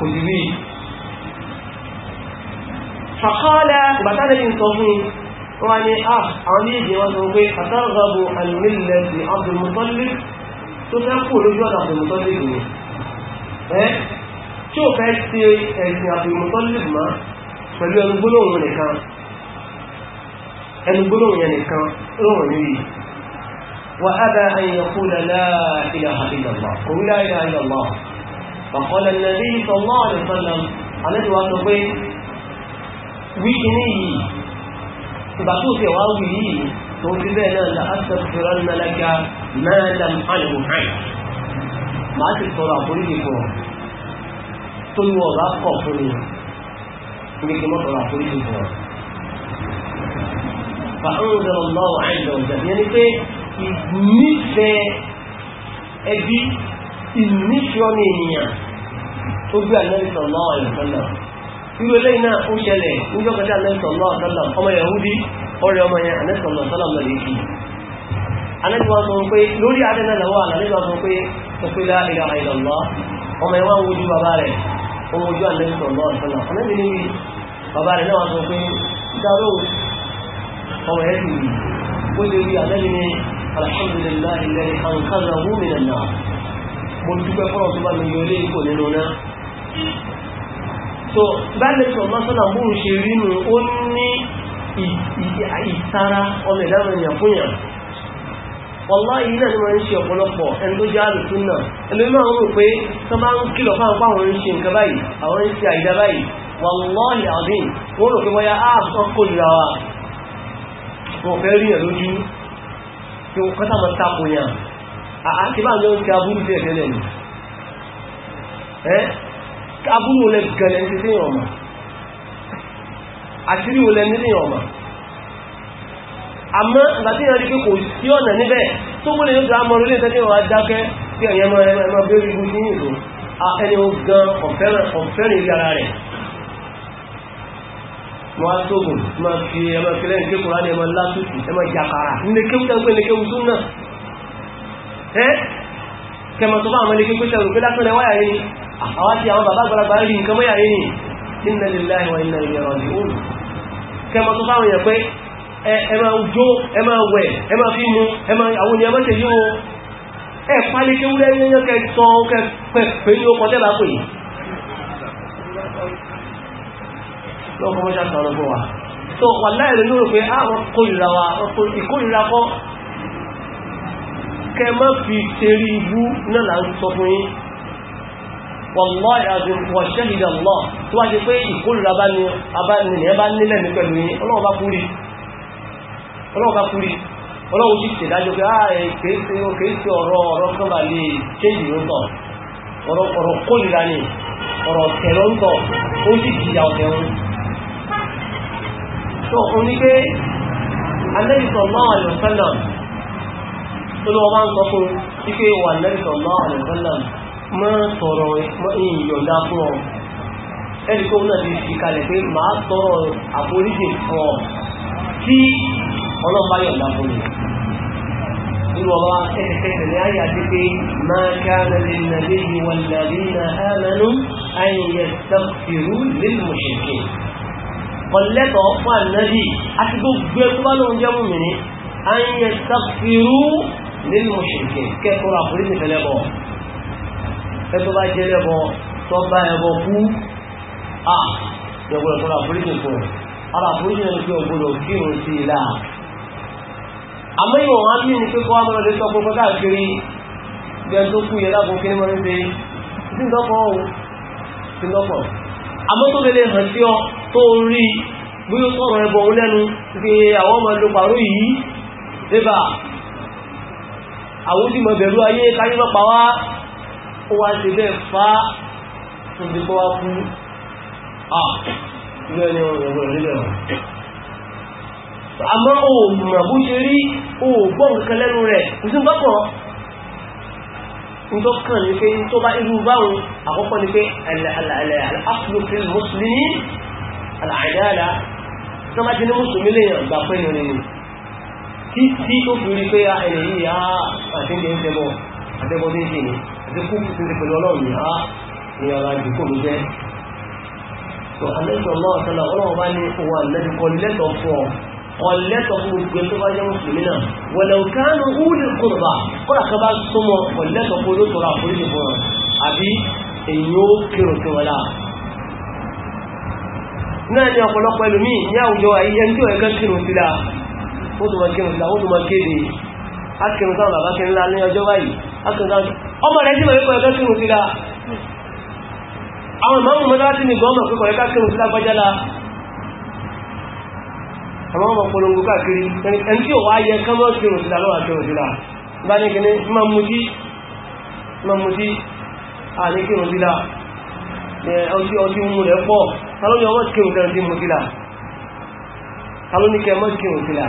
Speaker 1: kò jù bí fàkọ́lá bàtàlẹ̀ yìí sọ fún wọn ni a àwọn ní ìdí wọn sọ pé fàtàrọ̀bù alìmílẹ̀ sí abdulmutọ́lì tó fẹ́ kú lójú ọ̀nà abdulmutọ́lì ni ẹ́ tí ó fẹ́ ṣe ẹ̀sìn abdulmutọ́lì mọ́ pẹ̀lú ẹnu nìkan فقال النبي صلى الله عليه وسلم الذي وقت به ويكني بطوتي واوي توفي بينا لأستغفرن لك ما لم أنه عنك ما تذكر أقولي تقول وضع قفلي ويكي ما ترى أقولي فأنزل الله عز وجل يعني في nífẹ̀ẹ́ أبي ìníṣọ́nù ènìyàn tó gbé ànábì sallallahu alaihi wasallam irú eléyìí náà ó ṣẹlẹ̀ níjọ́ kan tí ànábì sallallahu alaihi wasallam ọmọ Yahudi ọ̀rẹ́ ọmọ yẹn ànábì sallallahu alaihi wasallam lọ́lẹ̀ kì í ànábì wọn sọ pé lórí adé náà lọ́wọ́ ànábì wọn sọ pé ọ̀pẹ́lá ìlà ìlọ́lá ọmọ yẹn wọn wojú bàbá rẹ̀ wọn wojú ànábì sallallahu alaihi wasallam ànábì wọn sọ pé mo dúpẹ́ fọ́nà tó bá mi yọ ilé ìkò nínú náà so báyìí sọ lọ́sọ́nà bóun ṣe rí nu ó ní ìtara ọmọ ìdáhùn ènìyàn fún yàn wàláyé náà ni wọ́n ń ṣe ọ̀pọ̀lọpọ̀ ẹni tó jẹ́ àlùsùn náà ẹni máa ń rò pé tó bá ń kìlọ̀ fáwọn fáwọn ń ṣe nǹkan báyìí àwọn ń ṣe àìdá báyìí wàláyé àdín wọ́n rò pé bóyá ààbò kò lura wa wọ́n fẹ́ rí yàn lójú tí wọ́n kọ́tà àkíbà jọ ń ti abúrú sí ẹ̀tẹ́lẹ̀ ni ẹ́ abúrú olè gẹ̀lẹ̀ ti sí ọmọ àṣírí olè nílé ọmọ àmọ́ ìgbàtí ìrìn àdíkẹ́ kò sí ọ̀nà níbẹ̀ tó múlẹ̀ yóò dáa mọ̀rọ̀ ilé tẹ́lẹ̀ wà dákẹ́ tí ẹ̀yẹ mọ́ ẹmọ bẹ́rẹ̀ ibu ní ìlú ẹni ó gan ọ̀fẹ́rin ilé ara rẹ̀ wọ́n á tóògùn máa fi ẹmọ kílẹ̀ ní kékùrá ní ẹmọ látùtù ẹmọ jàkàrà ní kéwù tẹ́ ẹ́ kẹmọ tó bá àwọn ilé pípẹ́ sẹ́rù pé lásán lẹ́wọ́ yàrí àwọn àti àwọn bàbá àgbàlagbà rí nǹkan mọ́ yàrí ni inna lillahi wa inna ilayhi raji'un kẹmọ tó bá àwọn èèyàn pé ẹ máa jó ẹ máa wẹ̀ ẹ máa fi mu ẹ máa àwọn ènìyàn mọ́tẹ̀ yí o ẹ kẹ mọ́ fi tẹ́rí ibú náà là ń sọ fún yín wọ́lọ́ ìrìnàjò wọ̀ṣẹ́ ìdàlọ́ tó wá ṣe pé ìkórìíra bá ní abánilẹ̀ bá nílẹ̀ ní pẹ̀lú yín ọlọ́wọ́ bá kúrì ọlọ́wọ́ sì ṣèdájọ́ pé ààrẹ ah, kèése ọ̀rọ̀ ọ̀rọ̀ kan bà lè kéjì ló tọ̀ ọ̀rọ̀ kórìíra ni ọ̀rọ̀ ọ̀tẹ̀ ló ń tọ̀ ó sì jìyà ọ̀tẹ̀ wọn tó onígbé alẹ́ ìsọ̀lọ́wọ́ àlùfẹ́ náà tó lọ́wọ́ bá ń sọ fún ike wà lẹ́rìsọ̀ náà àlẹ́sọ́lá mọ́ tọrọ ìyọ̀dá fún ọ ẹni tó náà ti fi kalẹ̀ pé màá tọrọ àforíjì fún ọ tí ọlọ́pàá yọ̀dá fún mi nínú ọba ẹ̀ẹ́dẹ̀kẹ́kẹ́ ní ayé àti pé máa ká lẹ́lẹ́ nàlẹ́ na ámẹ́nu ayẹyẹ sọ́kìrú nílùú ṣèké kọ̀lẹ́tọ̀ fún ànábì àti gbogbo ẹkú jẹ́ nínú ṣèké kẹ́kọ̀ọ́ àforíjì fẹ́lẹ́bọ̀ ẹ̀tọ́ bá jẹ́ lẹ́bọ̀ tó bá ẹbọ kú à yọ̀gbọ̀n ẹ̀kọ́ àforíjì fún ara àforíjì náà fi ọgbọ̀dọ̀ kí òun sí i láà àmọ́ ìwọ̀n wọn mí ní pé kọ́ àmọ́ lọ́dẹ́ tọ́kọ́ kọ́ káàkiri bí ẹni tó kú yẹ lágbo kí ni mo ń ṣe sí ńlọ́kọ̀ o sí ńlọ́kọ̀ àmọ́ tó lè hàn sí ọ tó ń rí bí ó sọ̀rọ̀ ẹbọ òun lẹ́nu pé àwọn ọmọ ló àwọn tí mọ̀ bẹ̀rù ayé káyé lọ́pàá wá ó wá ṣe bẹ́ẹ̀ fá níbi kọ́ wá fún à ilé ẹni ọ̀rọ̀ nílẹ̀ ọ̀ àmọ́ ò mọ̀ bó ṣe rí ò gbọ́ nǹkan lẹ́nu rẹ̀ kò sí nǹkan kan nítorí kan ní pé tó bá irú báwọn àkọ́kọ́ ni pé àlàáfíà mùsùlùmí àlàáyáàlá tí tí ó fi rí pé ah, ẹni yìí á àtẹ́jẹ́ ń tẹ́bọ̀ àtẹ́bọ̀ tí ń ṣe ni àti kú ti ti pẹ̀lú ọlọ́run yìí ah, á ní ara ìdíkò ló jẹ́ tó alẹ́sọ̀ náà sọ́nà ọlọ́run bá ní owó àlẹ́dì kọ lẹ́tọ̀ fún ọ kọ lẹ́tọ̀ fún gbogbo tó bá jẹ́ mùsùlùmí náà wọ̀lẹ̀ òkàánù wúlì kùnbà kọ́lá kan bá súnmọ́ kọ lẹ́tọ̀ fún olóòtú ra àforíjì fún ọ àbí èyí ó kérò sí wọn láà náà ni ọ̀pọ̀lọpọ̀ ẹlòmíì ní àwùjọ àyíyẹ ń tí ò ó tó máa kírun ó tó máa kéde akírun táwọn bàbá kí ńlá ní ọjọ́ báyìí akírun táwọn ọmọ rẹ̀ tí mọ̀ nípa ẹ̀kọ́ kírun síra àwọn ìmọ̀ ọmọ láti ní gọ́ọ̀mọ̀ pé kọ̀ọ̀ká kírun síra gbájálá àwọn ọmọ polongo káàkiri ẹni tí ó wá yẹ kán mọ́ kírun síra lọ́wọ́ kírun síra bá ní kíní máa mutí máa mutí à ní kírun síra ọtí ọtí mú rẹ̀ pọ̀ talóni ọmọ kírun síra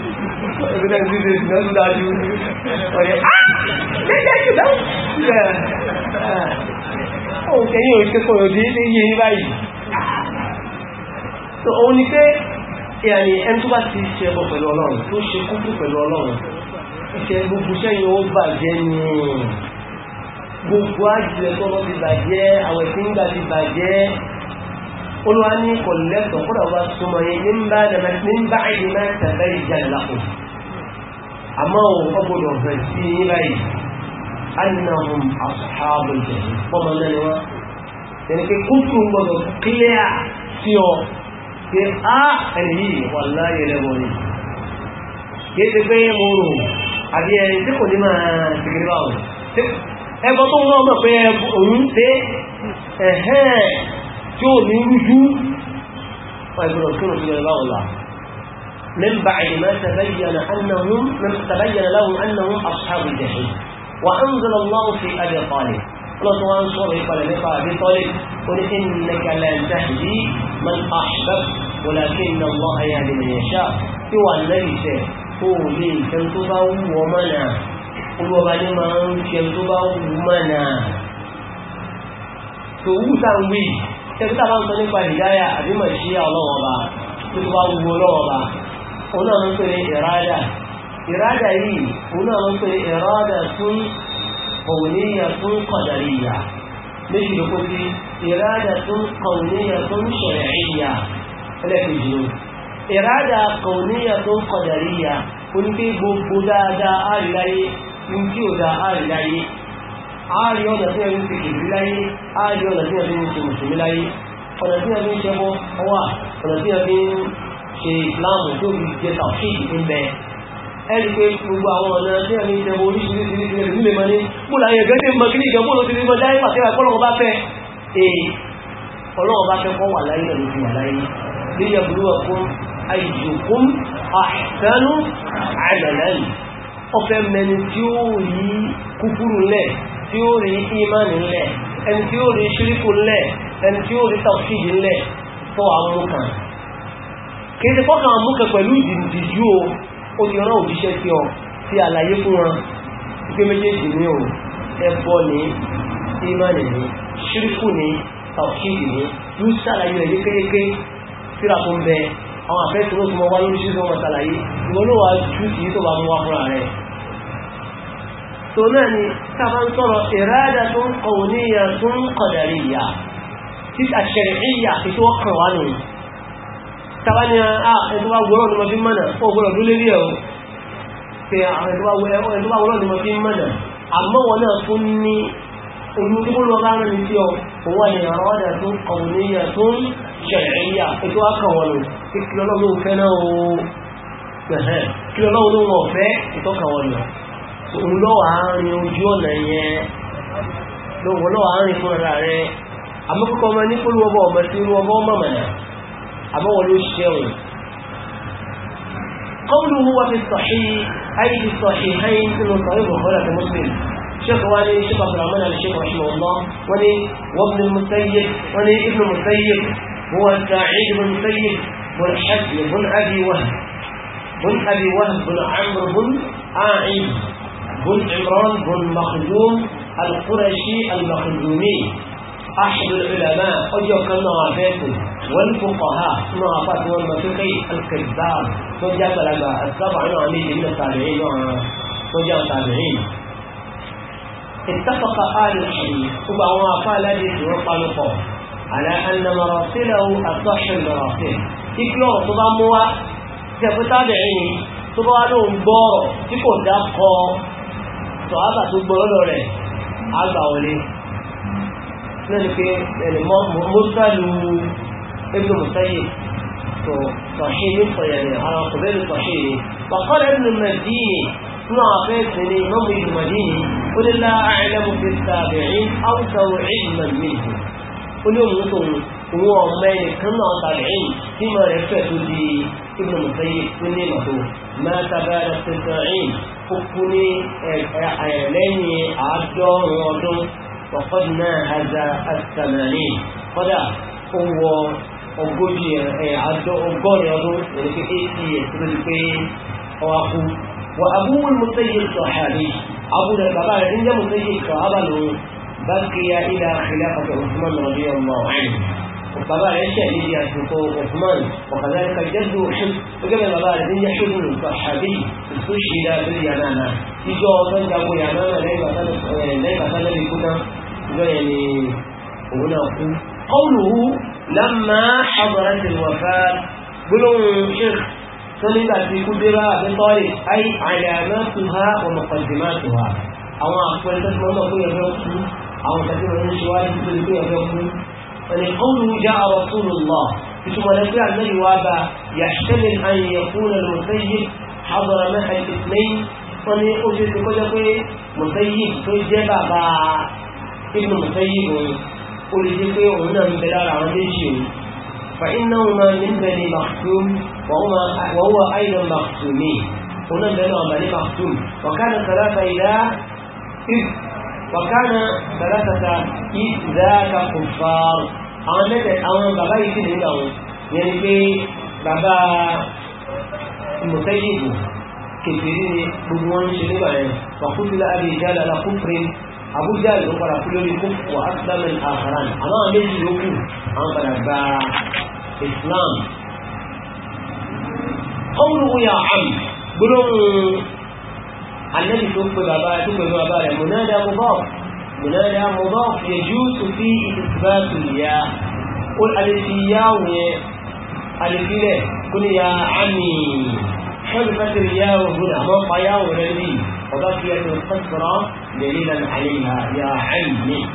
Speaker 1: Even as it is, none that you ọ̀rẹ́ ah! Bẹ́ẹ̀ jù So òun ni pé ìyàní ẹni tó bá ti ṣe ẹbọ pẹ̀lú Ọlọ́run tó ṣe kúkú pẹ̀lú Ọlọ́run ìṣẹ́ gbogbo sẹ́yìn ó bàjẹ́ ni gbogbo àjẹ́ tọ́lọ́ ti bàjẹ́ àwẹ̀ ti bàjẹ́ olúwa ní kò lẹ́tọ̀ kódà wá súnmọ́ yẹn ní bá ẹ̀dẹ̀ máa tẹ̀lé ìjà ìlàkùn àmọ́ òun ọgbọ́dọ̀ fẹ̀ sí yín báyìí annahum ashabu jahim fọmọ náà ni wọn ẹni pé kúkú gbọdọ̀ kílíà sí ọ pé á ẹni yìí wà láyé lẹ́wọ̀n ni kí ti pé mo rò àbí ẹni tí kò ní máa tìgírí báwọn ẹgbọ́n tó ń wọ́n mọ̀ pé òun ṣe ẹ̀hẹ́n tí ó ní rújú pàìlúrọ̀ kí ó fi yẹn láwọn láà من بعد ما تبين أنهم من تبين لهم أنهم أصحاب الجحيم وأنزل الله في أبي طالب رضوان صلى الله عليه وسلم قل إنك لا تهدي من أحببت ولكن الله يهدي من يشاء سوى النبي سير قولي كنتبا ومنا قل وبني من كنتبا ومنا سوى تنويه tẹ̀síta bá ń sọ nípa ìdáyà àbí màṣíyà ọlọ́wọ́ ọba tó tó bá wu ọlọ́wọ́ ọba òun náà ń pè ní ìrádà ìrádà yìí òun náà ń pè ní ìrádà tún kọ̀wéyà tún kọ̀dàríyà méjì ló kó sí ìrádà tún kọ̀wéyà tún ṣẹ̀rẹ̀ẹ́yà ẹlẹ́kejì ìrádà kọ̀wéyà tún kọ̀dàríyà oníkẹ́ gbogbo dáadáa àríláyé ní tí ò dáa àríláyé ààrí ọ̀nà tí ẹ̀rí ń fi kìrì láyé ààrí ọ̀nà tí ẹ̀rí ń fi mùsùlùmí láyé ọ̀nà tí ẹ̀rí ń ṣẹbọ ọwà ọ̀nà tí ẹ̀rí ń ṣe ìsìláàmù tó fi jẹ tàfíìkì ń bẹ ẹ̀rí pé gbogbo àwọn ọ̀nà tí ẹ̀rí ń ṣẹbọ oríṣiríṣi ẹ̀rí lè mọ ní mo là yẹ gẹ́gẹ́ mọ kíní ìjọba olóṣèlú ti mọ jáde pàṣẹ ọlọ́run bá fẹ́ ee ọlọ́run bá fẹ́ kọ́ wà láyé náà ló fi wà láyé nílé ẹ̀bùrú ẹ̀kún àìjòkún àṣẹ́nu àìlẹ̀lẹ́nu ọ̀fẹ́ mẹni tí ó yí kúkúrú lẹ̀ tí ó rí ìmánì ńlẹ̀ ẹni tí ó rí ṣíríkù ńlẹ̀ ẹni tí ó rí tàwùsídì ńlẹ̀ fọ́ àmúkan kìí ti pọ́kàn àmúkan pẹ̀lú ìdìjú o ó ti rán òjíṣẹ́ sí ọ sí àlàyé fún wọn pé méjèèjì ní o ẹbọ ní ìmánì ní ṣíríkù ní tàwùsídì ní yóò ṣàlàyé rẹ̀ yékéyéké síra tó ń bẹ àwọn àfẹ́ tó ń sọ wáyé oríṣiríṣi wọn ṣàlàyé ìwọ tó náà ni sábà ń sọ̀rọ̀ ìrádà tó ń kọ̀wọ̀ ní ìyà tó ń kọ̀dàrí ìyà tí àṣẹrẹ̀ ìyà tí tó kàn wá nù sábà ní ah, ẹ̀dùwà wọ́rọ̀ ni mo fi mọ̀nà ah, ní olùdókòwò lọ́ba rẹ̀ ní tó ń kọ̀wọ̀ ní tí tó kàn wọ́n nù kí lọ́lọ́run òun lọ́wọ́ àárín ojú ọ̀nà yẹn lọ́wọ́ lọ́wọ́ àárín fún ara rẹ̀ àmọ́kọ́kọ́ ọmọ ní kólú ọbọ̀ ọmọ tí irú ọbọ̀ ọmọ mọ̀nà àbọ̀wọ̀ ló ṣẹ̀wọ̀n kọ́ọ̀lù wà fi sọ̀hí ayé ti sọ̀hí ayé tí mo sọ̀rọ̀ ìbò kọ́lá tó mọ́sílẹ̀ ṣẹ́kọ̀ wá ní ṣẹ́kọ̀ abdulrahman àti ṣẹ́kọ̀ ṣe ọ̀nà wọ́n ní wọ́n musayyid wọ́n ní ibn musayyid wọ́n sa'id ibn musayyid bun abi wahb bun amr bun a'id بن عمران بن مخزوم القرشي المخزومي أحد العلماء أجو كان عافاته والفقهاء ما عافاته والمفقي الكذاب توجع بلغا السبع عليه من التابعين توجع التابعين اتفق آل الحديث سبع وعفا لدي وطلقه على أن مراسله أصح المراسل تكلو طبعا موا تابعيني طبعا لهم بورو تكون دقو sọ̀hábà tó gbọ́ lọ́dọ̀ rẹ̀ àgbà wọlé náà ni pé ẹni mọ́sálù ibn musayyib tó sọ̀hí ní sọ̀yẹ̀lẹ̀ àwọn ọkùnrin ní sọ̀hí ni wàkọ́lẹ̀ ibn madini nínú àwọn afẹ́sẹ̀ ni mọ́mú ibn madini ó ní láà àìlẹ́mú fi sàbẹ̀rin áwùsàwò ìlmàn mi ó ní òun tó òun ọmọ ẹnìkan náà sàbẹ̀rin tí mo rẹ̀ fẹ́ tó di ibn musayyib tó ní ìmọ̀ mẹ́ta bẹ́ẹ̀ ó kú ní lẹ́yìn àádọ́rùn ọdún ọ̀pọ̀d náà àjà àtàlẹ́yìn kọ́dà ó wọ ogójì àjọ ọgọ́rin ọdún lẹ́nu pé eighty years ló ti pé ọwá kú wọ abúlé mọ́tẹ́yẹ sọ̀hárì abúlé bàbá rẹ̀ ń mọ́tẹ́yẹ sọ̀hábà bá kí ilẹ̀ àkìlẹ̀ ọ̀tọ̀ bàbá rẹ̀ ṣẹ̀ níbi àsìkò Uthman ọ̀kadàkà jẹ́dù ọ̀ṣun gẹ́gẹ́ bí bàbá rẹ̀ níjẹ́ ṣòdùn àbí tó ṣe dá lórí yàrá náà ìjọ ọ̀tọ́ ń jago yàrá náà lẹ́yìn bàtà lẹ́yìn kú náà ìjọ yẹn ni òun náà kú. qawluhu lamma hadarat al-wafat gbólóhùn sheikh tó nígbà tí ikú dé bá àti tọ́lì ay alamatuha wa muqaddimatuha àwọn àpẹẹrẹ tó ti mọ́ فلقوله جاء رسول الله ثم نبي الذي وابى يحتمل أن يكون المسيب حضر معه الاثنين فلقوله كل مسيب تجب ابن مسيب olùdíkẹ́ òun náà ń bẹ lára àwọn méjì òun fàínàwòmá níbẹ̀ ni maktum wọ́wọ́ àìlọ maktumi òun náà bẹ̀rẹ̀ ọ̀bà ní maktum ọ̀kánà kàlátà ìlà wàkánà tàlátàtà ìdáka kò fà àwọn mẹ́tẹ̀ àwọn bàbá yìí sì nígbà wọn yẹn ni pé bàbá mùsẹ́yìnbù kèfèrí ni gbogbo wọn ń ṣe nígbà yẹn wàkúndínlá àbí ìjáde alákùnfèrè àbújá ló padà kú lórí kó wà áṣílámẹ̀ àhàrán àwọn Islam. ọ̀rùn ya àm الذي تقبل بابا تقبل بابا منادى مضاف منادى مضاف يجوز فيه إثبات الياء قل ألف ياء ألف له قل يا عمي حذفت الياء هنا ما ياء ولدي وبقيت القصرة دليلا عليها يا عمي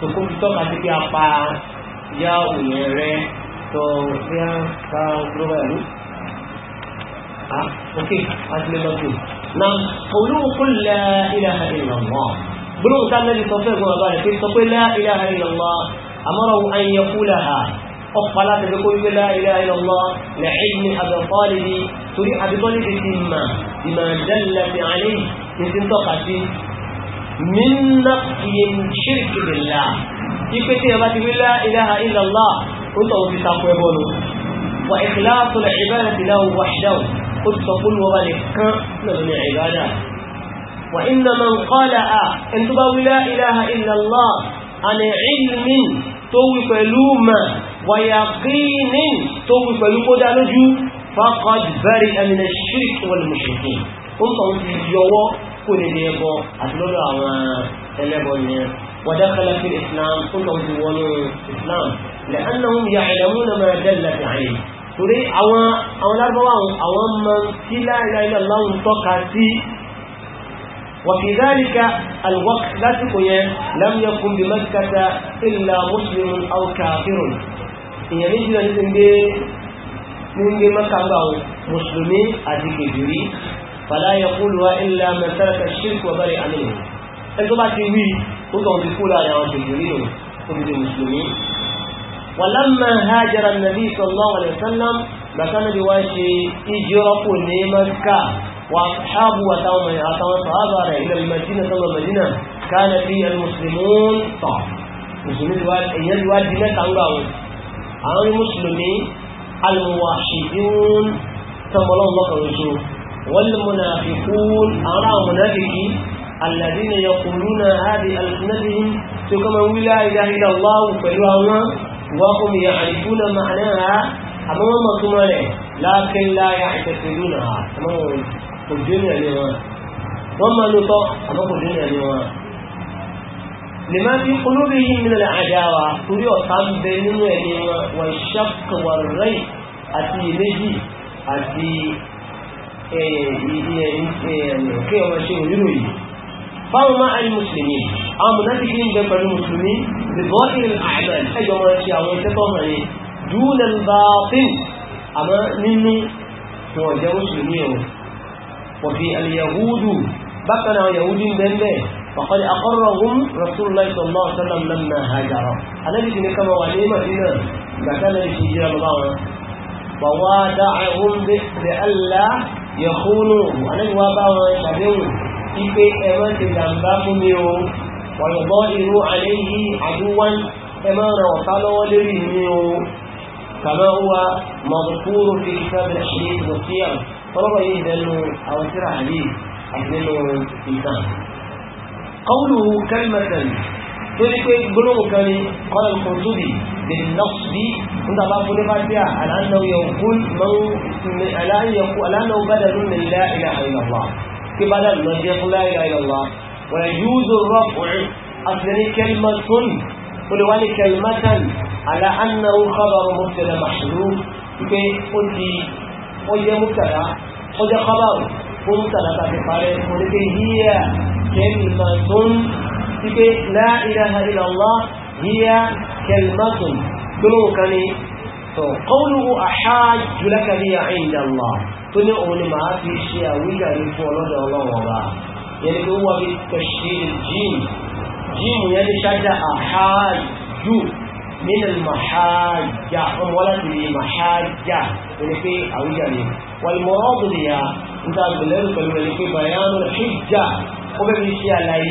Speaker 1: تقوم تقعد يا با ياء يرى تو يا كا اوكي أصلي مطلوب نعم قولوا قل لا إله إلا الله بلو كان الذي صفيه وقال كيف تقول لا إله إلا الله أمره أن يقولها أخلا تقول لا إله إلا الله لعلم أبي طالب تري أبي طالب بما بما دلت عليه من تقسم من نقي الشرك بالله كيف تقول لا إله إلا الله قلت أبي تقول وإخلاص العبادة له وحده ó ti sọ fún wọn bá lè kán náà ní ìbádà wà iná máa ń kọ́lá à ẹni tó bá wí lá ilaha illallah àni ilmin tó wí pẹ̀lú mà wà yaqinin tó wí pẹ̀lú kó dá lójú faqad bari'a min ash-shirk wal mushrikin ó sọ ń fi yọwọ́ kó lè ní ẹbọ àti lọ́dọ̀ àwọn ẹlẹ́bọ yẹn ودخل في الإسلام كلهم يقولون إسلام لأنهم يعلمون ما دلت عليه torí àwọn àwọn lárúbáwá àwọn mọ tí la ilaha illallah ń tọ́ka sí wa fi dhalika al-waqt lásìkò yẹn lam yakun bi Makkata illa muslimun aw kafirun èèyàn méjì náà ti ń gbé ní ń gbé mọ́kàgbà mùsùlùmí àti kèbìrí fala yaquluha illa wàlámà hajara nàbí sallallahu alaihi wasallam bàtánàbí wá ṣe ìjírọ́pò ní maka wa ṣáàbù àtàwọn sàábà rẹ̀ ilẹ̀ madina sọ́lọ̀ madina kánà fi al-muslimun tọ̀ musulmi èyàn ló wá di mẹ́ta ń gbà wọn àwọn musulmi al-muwahhidun tọmọlọ́wọ́ lọ́kàn oṣù والمنافقون أرى منافقين الذين يقولون هذه ألسنتهم كما لا إله إلا الله فلوهما وهم يعرفون معناها أمام مطمئنة لكن لا يعتقدونها أمام الدنيا اليوم وما نطق أمام الدنيا اليوم لما في قلوبهم من العداوة تريد أن بينهم والشق والريب أتي نجي أتي إيه إيه إيه إيه إيه إيه إيه إيه fáwọn máa ń mùsùlùmí àwọn mùnàfíkì ń bẹ pẹ̀lú mùsùlùmí bìbọ́ ìrìn àìmọ̀ ẹjọ́ wọn ṣe àwọn iṣẹ́ tó hàn yìí dúnà bá fín àmọ́ nínú wọn jẹ́ mùsùlùmí o wọ́n fi al-yahudu bákan àwọn yahudu ń bẹ́ẹ̀ فقد أقرهم رسول الله صلى الله عليه وسلم لما هاجر الذي كان كما وليمة هنا قتل الهجرة الله ووادعهم بألا يخونوا أنا الوابا ويشهدون ipe ẹmọ́ ti dàmbá mú mi o wọ̀yọ̀bọ́ irú alẹ́ yìí àdúwọ́n ẹmọ́ rẹ̀ ọ̀tá lọ́wọ́ lérí mi o kàmọ́ wa mọ̀kúrú fi sábẹ̀ ṣe lọ́síà ọlọ́pàá yìí dẹnu àwọn tíra àlè àdínú ìtàn kọ́wùlù kẹ́lìmẹ̀tẹ̀l tó ní pé gbólóhùn kan ní kọ́lọ̀ kòtùbì bin nọ́ọ̀sì nígbà bá fún nípa في بدل المشيخ لا إله إلا الله ويجوز الرفع أصل كلمة ولوالي كلمة على أنه خبر مبتدا محذوف كي قلتي قل مبتدا قل خبر مبتدا تفقاري قلت هي كلمة كي لا إله إلا الله هي كلمة كلمة قوله أحاج لك لي عند الله tó ní òun ni màá fi ṣe àwíjàre fún ọlọ́dọ̀ ọlọ́run ọba yẹn ni pé wọ́n fi tẹ̀sí jíìmù jíìmù yẹn ní ṣáájà àhájú nínú màhájà ọmọ láti màhájà ẹni pé àwíjàre wọ́n ni mọ̀rọ́ ọ̀gbìn ìyá níta gbẹ̀lẹ́rù pẹ̀lú ẹni pé bàyánù ṣíjà ó bẹ̀rẹ̀ fi ṣe àlàyé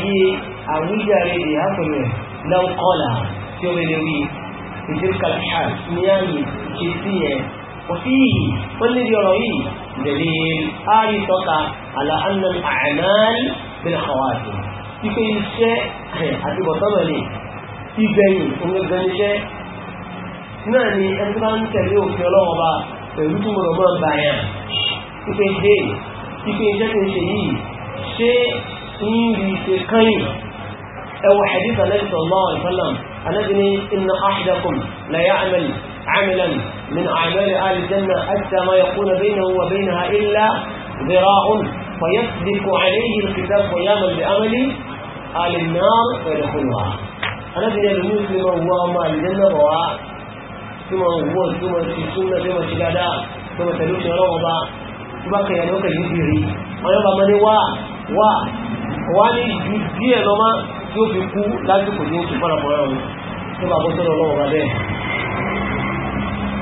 Speaker 1: àwíjàre ìyá pẹ̀lú ẹ̀ náà kọ́là tí ó bẹ̀rẹ̀ wí ìdíkàlù ṣáà ní àyè ìṣesí yẹn òfin yìí ó lé di ọ̀rọ̀ yìí دليل آري توقع على أن الأعمال بالخواتم
Speaker 2: يكون الشيء
Speaker 1: أبي بطمني في جين أمي الشيء ناني أنت كان تليو في لغة فيوتو مرمان بيان يكون جين يكون جين شيء شيء في تقيم أو حديث النبي صلى الله عليه وسلم الذي إن أحدكم لا يعمل عملا من أعمال آل الجنة حتى ما يكون بينه وبينها إلا ذراع فيصدق عليه الكتاب ويعمل بأمل أهل النار فيدخلها أنا في المسلم هو ما الجنة هو ثم هو ثم السنة ثم الشهادة ثم تلوش رغبة ثم كيانوك يجري أنا بمن وا وا wani díẹ̀ lọ́mọ́ tí ó fi kú lásìkò ní oṣù ثم wọn tó bá bọ́ sọ́dọ̀ ọlọ́wọ́ bá bẹ́ẹ̀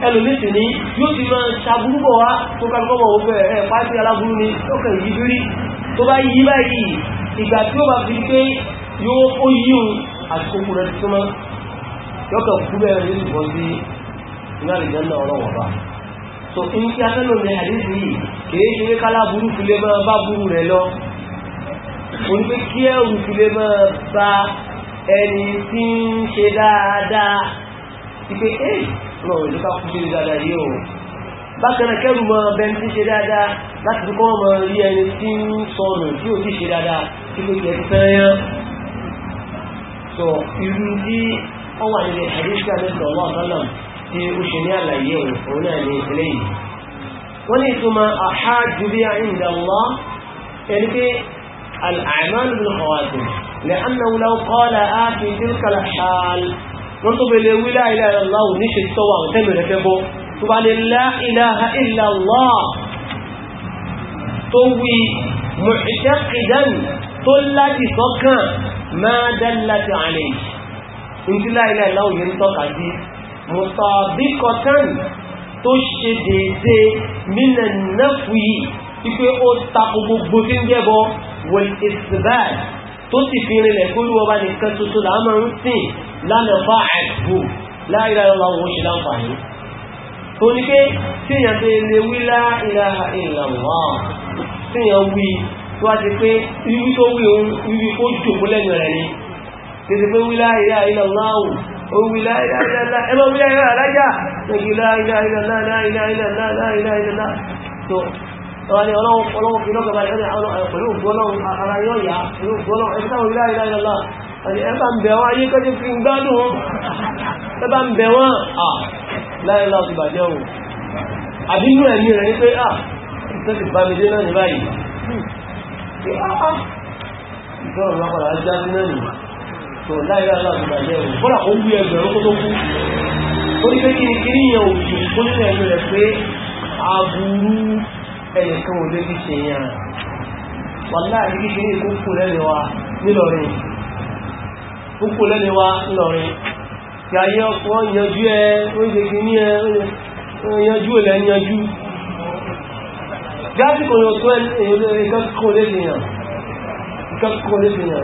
Speaker 1: ẹlòmísì ní yóò ti máa ṣàbúrúbọ̀ wá tó kàlùkọ́mọ̀ ó fẹ́ ẹ̀ pàtí aláburú ni ó kẹ̀ yí dúrí tó bá yí báyìí ìgbà tí ó bá fi pé yóò ó yí òun àkókò rẹ̀ tó mọ́ yọ́kẹ̀ kú bẹ́ẹ̀ ní ìbọn sí iná ìjẹ́ so in tí a fẹ́lò ní àdéhùn yìí kìí ṣe kálá burú fi lè máa bá burú rẹ̀ pé kí lọ́wọ́ ìlú ká kú sí dáadáa yìí o bákan náà kẹ́rù mọ bẹni tí ṣe dáadáa láti fi kọ́ mọ rí ẹni tí ń sọnù tí ò ti ṣe dáadáa tí kò tiẹ̀ ti sẹ́yán ó ṣe ní àlàyé òun náà ní ìpínlẹ̀ yìí wọ́n ní ìtumọ̀ àhájú bí i àyíǹda ẹni pé àmọ́ ìlú kọ̀wàtì lẹ́hàn náà wọ́n kọ́ wọ́n tó bèèrè wí la ilaha illallah ní ṣe tọ́wọ́ àwọn tẹ́lẹ̀ rẹ̀ fẹ́ bọ́ tó bá lè la ilaha illallah tó wí mu'taqidan tó láti sọ́kàn ma dallat alayhi ní la ilaha illallah tọ́ka sí mutabiqatan tó ṣe déédé nínú náfù yìí wípé ó tako gbogbo tí ń jẹ́bọ wal isbat tó sì fi rinlẹ̀ kó lúwọ́ nìkan tuntun làá máa ń sìn lánàfà àìbò láìra ìlàwọ̀ ṣe láǹfààní tó ní pé tíyàn tó lè wí láìra ìlàwọ̀ tíyàn wí tó wá ti pé wíwí tó wí ohun wíwí kó jòkó lẹ́nu rẹ̀ ni tètè pé wí láìra ìlàwọ̀ ó wí láìra ìlàlá ẹmọ wí láìra alájà wí láìra ìlàlá láìra ìlàlá láìra ìlàlá tó wọ́n ọlọ́run fi lọ́gbọ̀n pẹ̀lú ògbọ́n ara yọ́ yá pẹ̀lú ògbọ́n ẹgbẹ́ táwọn wí láìra ìlàlá ẹni ẹbá ń bẹ̀ wọ́n ayé kọjú
Speaker 2: kí n gbádùn wọn
Speaker 1: ẹbá ń bẹ̀ wọ́n à láìlá ti bàjẹ́ òun àbínú ẹ̀mí rẹ̀ ní pé à tó ti bá mi dé náà ní báyìí ìfẹ́ ọ̀rọ̀ lápàdà ajá sí náà nì tó láìlá ti bàjẹ́ òun kọ́lá kó wú ẹgbẹ̀rún kó tó kú ó ní pé kí ni kí ní yẹn òkú kó nínú ẹ̀mí rẹ̀ pé aburú ẹ̀yẹ̀kan ò lè fi ṣèyàn wàlá àti kékeré ìkókò lẹ́nu wa nílọrin púpọ̀ lẹ́ni wa lọ́rin tí a yẹ ọkọ̀ yanjú ẹ oúnjẹ kì ní ẹ yanjú ò lẹ́ni yanjú jáàbí kò lọ tó ẹ̀kọ́ lè fìyàn ìkọ́kọ́ lè fìyàn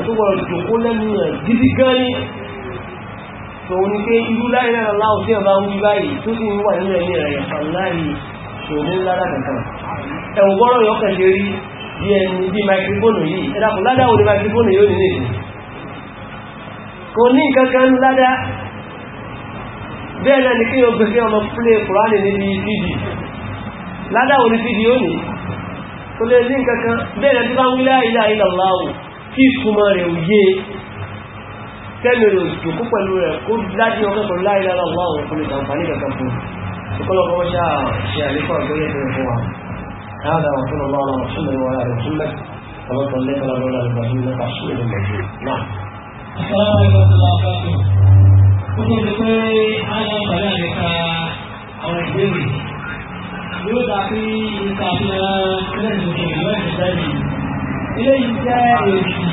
Speaker 1: tó wọ́n jòkó lẹ́ni yàn gidi gan ni tó ní pé irú láì náà láwọ̀ tí ọba ń bí báyìí tó sì ń wà nílẹ̀ ní ẹ̀rẹ̀ aláì tó ní lára kankan ẹ̀wọ̀n gbọ́rọ̀ yọkàn lè rí bí ẹni bí microphone yìí ẹ̀dàkùn ládàá wo ni microphone yóò nílé yìí kò ní kankan ládá bẹ́ẹ̀ náà ni kí o gbé kí ọmọ play kùránì níbi fídì ládá wo ni fídì ó ní kò lè ní kankan bẹ́ẹ̀ náà tí bá ń wílá ilá ilá láwù kí ìsúnmọ́ rẹ̀ òye tẹ́lẹ̀ rẹ̀ òjòkó pẹ̀lú rẹ̀ kó dájú ọkọ̀ pẹ̀lú láìlá láwù kò lè tàǹfààní kankan fún ọkọlọpọ̀ ṣe àṣẹ àlékọ̀ lórí ẹ̀fẹ́ fún wa هذا وصلى الله على محمد وعلى اله وصحبه ومن صليت على رسول الله صلى الله عليه وسلم السلام عليكم ورحمة الله وبركاته كنت بقول أنا بلغك أو إبري yóò dàbí ìta àfihàn kílẹ̀sì òkèèrè lọ́wọ́ ìṣẹ́lẹ̀ eléyìí jẹ́ èsì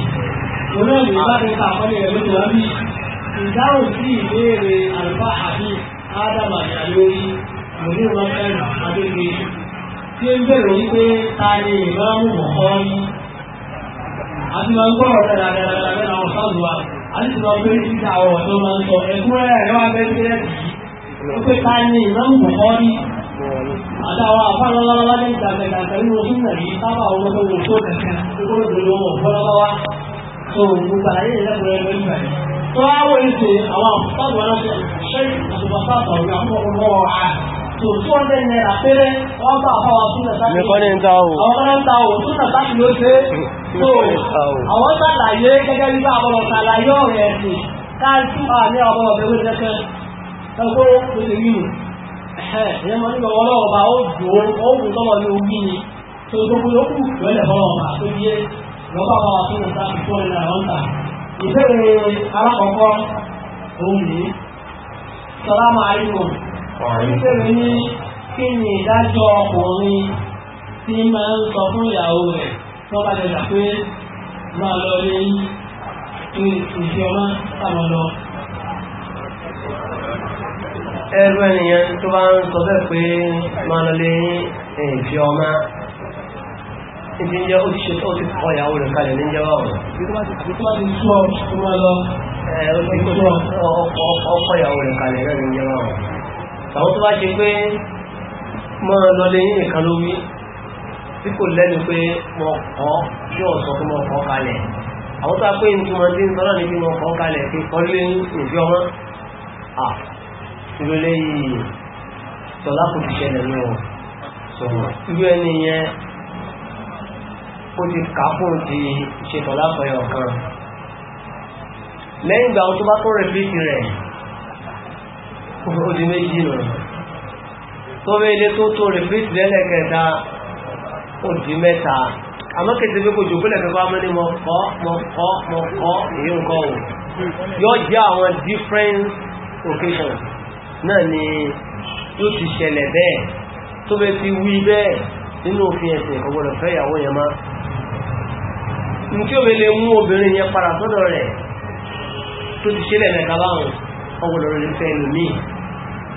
Speaker 1: òun náà lè bá nípa àkọlẹ̀ rẹ̀ lóṣù wá bí ìdáhùn sí ìbéèrè àlùfá àbí ádámà ìyàlórí òní wọn fẹ́ràn adéke tí ó ń bèrè wípé ta ni ìmáàmù mọ̀kọ́ yìí àti máa ń gbọ́ ọ̀rọ̀ dáadáa àwọn ṣáàlù wa àti ti lọ pé títí àwọn ọ̀dọ́ máa ń sọ ẹ̀kúnrẹ́ rẹ̀ wá bẹ́ẹ̀ yìí ó pé ká ní ìmáàmù kọ̀kọ́ rí àtàwọn àfáàlọ́lọ́lá ní ìdàgbẹ̀dà pẹ̀lú oṣù sábà owó wò tó kẹ̀kẹ́ tó lò tó two hundred naira péré wọ́n bá àwọn àwọn súnà sáfì. nìkan ní ta o. àwọn kan ń ta o súnà sáfì ló ṣe é.
Speaker 2: tó àwọn
Speaker 1: sàlàyé gẹ́gẹ́ bí bá àwọn ọ̀sán àlàyé ọ̀rẹ́ ẹ̀sìn káàtì máa ní àwọn ọ̀bẹ̀ wí lẹ́kẹ́ ẹgbẹ́ tó ṣe yìí ẹ̀yẹ́ mọ́ nígbà wọ́n lọ́wọ́ bá ó dùn ó wù lọ́wọ́ ní omi ni tó gbogbo yókù lọ́lẹ̀ fọlọ́wọ́ bá tó yé lọ́wọ́ bá wà fún ìta ìfọ́ ìlà ọ̀ǹtà ìbéèrè alákọ̀ọ́kọ́ òun ní sọlámà ayélujára
Speaker 2: ìbéèrè ní
Speaker 1: kí ni ìdájọ́ ọkùnrin tí máa ń sọ fún ìyàwó rẹ̀ tó bá lè gbà pé máa lọ rí ìṣe ọmọ táwọn lọ. ẹrú ènìyàn tó bá ń sọ bẹ́ẹ̀ pé máa lọ lé ìṣe ọmọ ìdí ń jẹ́ ó ti ṣe ó ti kọ ìyàwó rẹ̀ kalẹ̀ ní jẹ́ báwọn. ìtura ti tú ọ tó máa lọ. ọkọ ìyàwó rẹ̀ kalẹ̀ ní jẹ́ báwọn àwọn tó bá ṣe pé mọ́ lọlé yìí nìkan ló wí tí kò lẹ́nu pé mọ́ kọ́ yóò sọ pé mọ́ kọ́ kalẹ̀ àwọn tó bá pé ní túmọ̀ tí ń sọ́nà níbi mọ́ kọ́ kalẹ̀ pé kọ́ lé ní ìfi ọmọ à ìrọ̀lẹ́ yìí sọlá kò fi ṣẹlẹ̀ ní wọn sọ̀rọ̀ irú ẹni yẹn ó ti kà fún ti ṣètọ̀ lápẹ̀yọ̀ kan lẹ́yìn ìgbà tó bá tó rẹ̀ ó di méjì nù tó bẹ́ ilé tó tó repeat lẹ́lẹ́kẹta ó di mẹ́ta àmọ́ kẹsì pé kò jòkó lẹ́kẹ̀ẹ́ bá mẹ́ni mọ́ kọ́ mọ́ kọ́ mọ́ kọ́ èyí ń kọ́ o yóò jẹ́ àwọn different occasions náà ni yóò ti ṣẹlẹ̀ bẹ́ẹ̀ tó bẹ́ ti wí bẹ́ẹ̀ nínú òfin ẹ̀sìn kò gbọ́dọ̀ fẹ́ ìyàwó yẹn má ní tí ó bẹ lè mú obìnrin yẹn padà sọ́dọ̀ rẹ̀ tó ọwọ́ lọ́rọ̀ lè fẹ́ lómi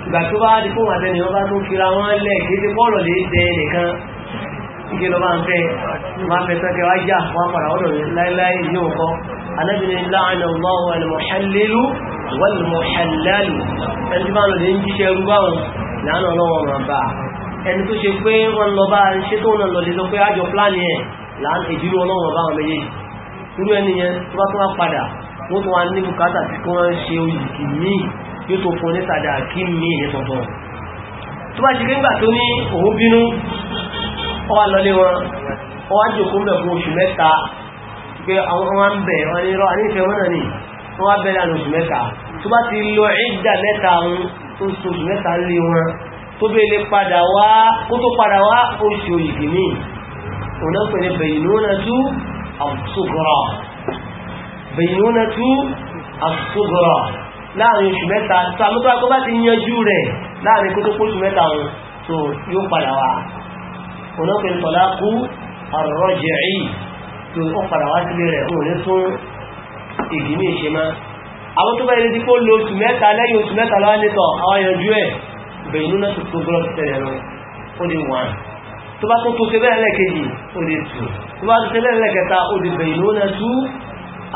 Speaker 1: ìgbà tó bá di fún àtẹni wọn bá tún fira wọn lẹ kí ti bọ́ọ̀lù lè tẹ nìkan ike lọ máa ń fẹ́ máa fẹ́ tán kẹwàá jà wọn padà ọ̀dọ̀ láíláí ní òkọ anábìnrin láàánà ọlọ́wọ́ ẹlẹ́mọ̀hálẹ́lú wọ́lùmọ̀hálẹ́lú ẹni tí máa lọ lè ń jíṣẹ́ ẹrú báwọn láàánà ọlọ́wọ́ máa bá ẹni tó ṣe pé wọ́n lọ bá ń ṣe tó lọ lè lọ pé àjọ pláàni ẹ̀ láàánà ìdúró ọlọ́wọ́ bá tún wá padà wọ́n tó wá ní bùkátà tí kí wọ́n ṣe òyìnkì míì yóò tó fún nítàdà kí míì ní tuntun tó bá ṣe kéńgbà tó ní òun bínú ọwá lọlé wọn ọwá jòkó ń bẹ̀ fún oṣù mẹ́ta pé àwọn wọn ń bẹ̀ wọn ní rọ àníṣẹ́ wọ́n náà ní bayyunatu as-sughra láàrin oṣù mẹ́ta tó àmútọ́ akọ́ bá ti yanjú rẹ̀ láàrin kó tó pósù mẹ́ta wọn tó yóò padà wá onáfẹ́ tọ́lákú ar-raj'i tó ó padà wá sílé rẹ̀ òun ní tún ìdí ní ìṣe máa àwọn tó bá yẹ kó lo oṣù mẹ́ta lẹ́yìn oṣù mẹ́ta lọ́wọ́ nítọ̀ àwọn yanjú ẹ̀ bayyunatu tó bá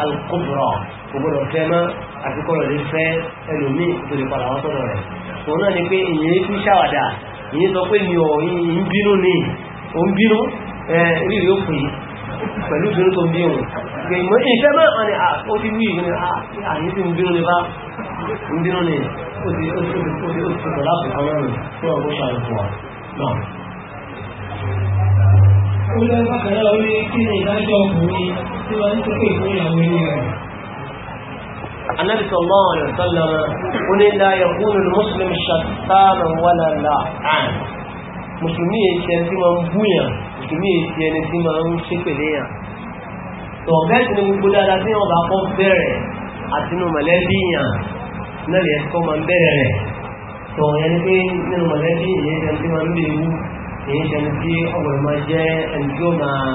Speaker 1: alukóbùrọ̀ kò gbọdọ̀ fẹ́ mọ́ àti kọ́ lọ́lẹ́ fẹ́ ẹlòmíì tó lè padà wọ́n sọ́dọ̀ rẹ̀ òun náà ni pé ìyẹn fi ṣàwàdà ìyẹn sọ pé mi ò ń bínú ni ò ń bínú rí rí ó pè é pẹ̀lú ìbínú tó ń bí òun pé ìmọ̀ ìfẹ́ mọ́ ọ̀nà ó ti wí ìgbìmọ̀ àyè tí ń bínú ni bá ń bínú ni ó ti ó ti ó ti ó ti sọ̀rọ̀ láti kan náà fún ọ̀gbọ́n ṣàlùfọ̀
Speaker 2: náà ó lọ bákan náà ó ní kí ni ìdájọ́ ọkùnrin tí wọ́n ń tẹ́kọ̀ ìfún ìyàwó ilé rẹ̀.
Speaker 1: النبي صلى الله عليه وسلم قل لا يكون المسلم شتاما ولا لاعان mùsùlùmí yìí ṣe tí wọ́n ń búyàn mùsùlùmí yìí ṣe ẹni tí wọ́n ń ṣépèléyàn tọ̀bẹ́ tí ní gbogbo dáadáa tí wọ́n bá kọ́ bẹ̀rẹ̀ àtinú mọ̀lẹ́bí yàn náà lè ẹ̀kọ́ máa ń bẹ̀rẹ̀ rẹ̀ tọ̀ ẹni pé nínú mọ̀lẹ́bí yìí ẹni tí wọ́n èyí ṣẹni tí ọgbọ̀n máa jẹ́ ẹni tí ó máa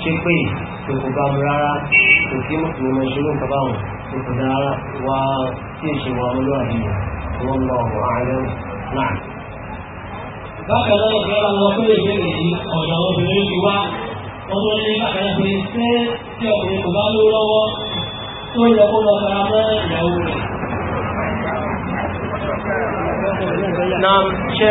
Speaker 1: ṣe pé kò kò bá mu rárá kò kí mùsùlùmí máa ṣe lóun kaba wọn kò kò dá wá tí èṣe wà wọn lóra yìí wọn lọ ọ̀rọ̀ ààrẹ náà. bákan náà ìgbẹ́ bá lọ fún ìbéèrè yìí ọ̀dọ̀ obìnrin ti wá wọn tó ní bákan pé ṣé tí ọkùnrin kò bá ló lọ́wọ́ tó yẹ kó lọ fara mọ́ ìyàwó rẹ̀. na ṣe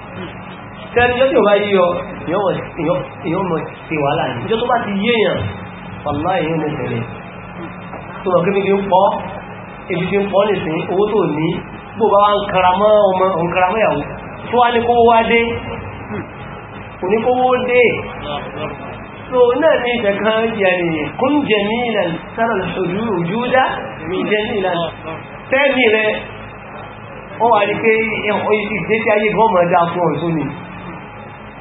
Speaker 1: tẹ́lẹ̀ yọ́ tí ó bá yí ọ èyàn mọ̀ sí wàhálà ní ìjọ tó bá ti yéèyàn wàlá èyàn mọ̀ tẹ̀lé tó wọ́n kí fi ń pọ́ ebi fi ń pọ́ lè sí owó tó ní so náà ní ìtẹ̀kan yẹni kún jẹ̀mí ìlà sára lọ́sọ̀rọ̀ ojú dá jẹ̀mí ìlà tẹ́ẹ̀mì rẹ̀ ó wà ní pé ìgbésí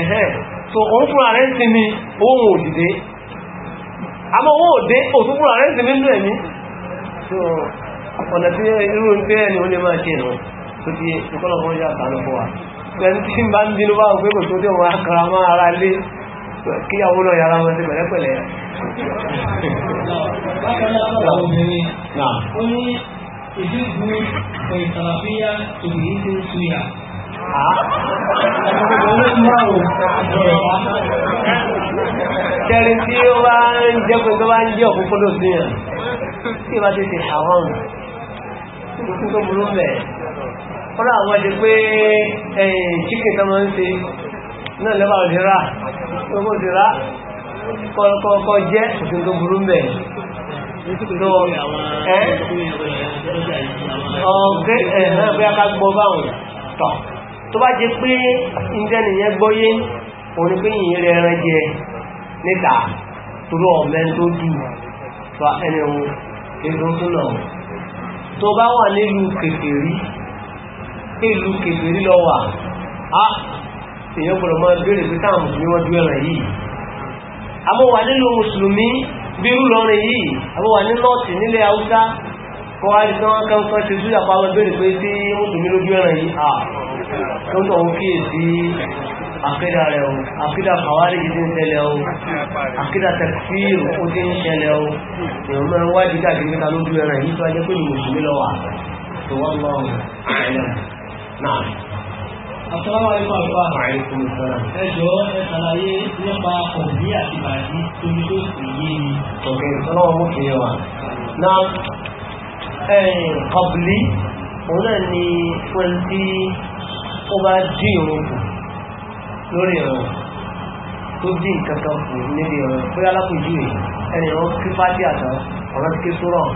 Speaker 1: ẹ̀hẹ́ so òun fúnra rẹ̀ sí ni ohun òdìdé àmọ́ owó òdé òtún fúnra rẹ̀ sí nínú ẹ̀mí so ọ̀nà tí irú ń ẹni ó lè máa ṣe nù tó ti ndị yà sàánú fún wa pẹ̀lú tí bá ń bínú bá òfin kò tí wọ́n mọ́ ara lé kíyàwó ya. yàrá wọn sí pẹ̀lẹ́pẹ̀lẹ́
Speaker 2: ní Tẹ̀rin
Speaker 1: tí ó bá ń jẹ́ pé tó bá ń jẹ́ òkúkúrò sí ẹ̀, tí bá ti ti àwọn òkú tó burú mẹ́. Fọ́nà àwọn ọdí pé ẹ̀yìn chicken tó mọ́ ń ṣe náà lọ́bàá ò lè rà, owó ti rà, kọ́kọ́ jẹ́ òkú tó burú mẹ́.
Speaker 2: Ọ̀gẹ́ ẹ̀hẹ́ bí a
Speaker 1: ká gbọ́ báwọn tọ̀. tó bá jẹ pé ìjẹnìyàn gbọ́yé òun ni pé yìnyín rẹ̀ jẹ níta torí ọ̀mẹ́ tó dù fa ẹni ohun tó nà tó bá wà nílùú kèfèrí ìlú lọ wà á èyàn gbọ́dọ̀ máa béèrè pé táwọn mùsùlùmí wọ́n yìí mùsùlùmí bí irú kọ́ wá ní sọ́wọ́n kan kan ṣe súyà pàwọn bẹ́rẹ̀ pé tí mùsùlùmí lójú ẹ̀ràn yìí à tó ń tọ̀wọ́ kí èsì àkídà rẹ̀ o àkídà kàwárí yìí ti ń tẹ̀lẹ̀ o àkídà tẹ̀kfíìr ó ti ń ṣẹlẹ̀ o èèyàn máa ń wádìí káàkiri mẹ́ta lójú ẹ̀ràn yìí tó wá jẹ́ pé ní mùsùlùmí lọ wà tó wọ́n lọ náà. Àṣọ́lá ìgbà àgbà ẹjọ́ ẹ̀sàlàyé nípa ọ̀gbìn àti bàjí tó ní tó sì yé ni. Ọ̀gbìn ìṣọ́lọ́wọ́ mú kìí wà. Náà ẹ̀yìn kọ̀bùlí òun náà ni fún ẹni tí ó bá dí ìrun kù lórí ìrun tó dí nǹkan kan kù níbi ìrun bóyá alákòjú rẹ̀ ẹni ìrun kí pátí àtàn ọ̀rọ̀ ti ké sórọ̀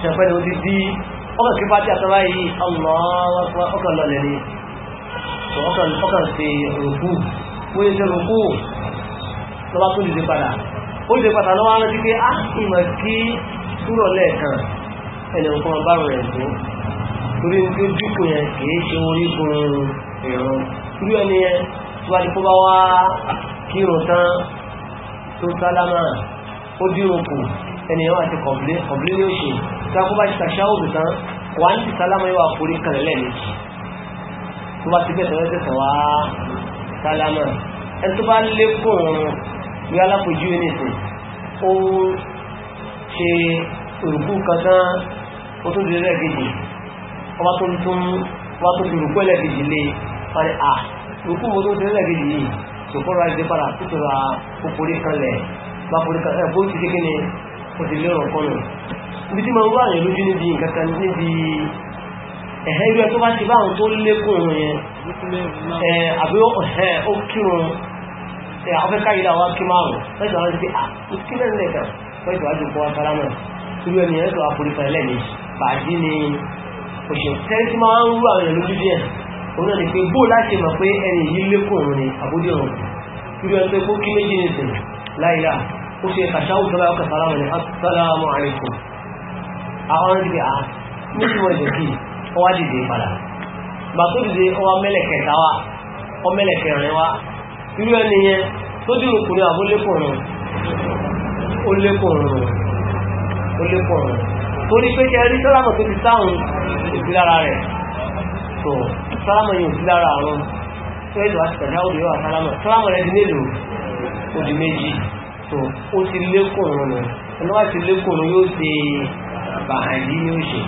Speaker 1: ṣẹ̀pẹ́ ni ó ti dí ọkàn kí pátí àtàn báyìí ọkàn lọlẹ̀ ni ọkàn ṣe rògbò bóyá ṣe rògbò tó tó dìde padà ó dìde padà lọ́wọ́ á rántí pé á ah, ìmọ̀ kí kúrò lẹ́ẹ̀kan pẹ̀lẹ́ ọkọ̀ ọba rẹ̀ tó torí ojú ojúkò yẹn kìí ṣe orígun èrò irú ẹni yẹn tó bá ti kó bá wá kírun tán tó sálámà ó dírun kù ẹni yẹn wà ti kọ̀blé kọ̀blé ní òṣè tó bá kó bá ti tàṣà òògùn tán wà ní ti sálámà yóò wà forí kalẹ̀ lẹ́ẹ̀mejì tó bá ti bẹ̀ tẹ́lẹ̀ tẹ̀sán wá sálámà ẹni tó bá lékún ìwé alápòjú yìí nìsín ó ṣe òrùkú kan tán ó tó dìde lẹ́ẹ̀kejì ọba tó ń tún wá tó fi rùkú ẹlẹ́ẹ̀kejì lé parí à rùkú mo tó dìde lẹ́ẹ̀kejì yìí sòkòrò àti padà títò ra òkòrí kanlẹ̀ bá forí kanlẹ̀ bó ti ṣe kíni ó ti lérò kọ́nù ibi tí mo wá àyàn lójú níbi nǹkan kan níbi ẹ̀hẹ́ ìwé tó bá ti bá àwọn tó lékún òun yẹn ẹ̀ àbí ọ̀hẹ́ ó kírun ẹ̀ afẹ́ká yìí làwọn kí márùn-ún lẹ́tọ̀ àwọn ti fi à ó kí lẹ́nu lẹ́tọ̀ wọ́n ti wá ju kọ́ wa sálámà irú ẹni ẹ̀ tó wá forí kanlẹ̀ méjì pàdé ni òṣèlú tẹ́lẹ̀ tí máa ń rú àwọn èèyàn lójú díẹ̀ òun náà ni pé bó láti mọ̀ pé ẹni yìí lékún ni àbójú òun kí ló kó kí méjì ní ìsìn láìlá ó ṣe kàṣáwù tó bá ah, ó torí pé kẹ rí sálámù tó ti sáhùn ìsí lára rẹ̀ tó sálámù yìí òsí lára àrùn tó èlò àti tẹ̀lé àwọn òdìwà sálámù sálámù rẹ̀ di mélòó òdì méjì tó ó ti lékùn òun nù ẹni wá ti lékùn òun yóò ṣe bàhàndí ní òṣè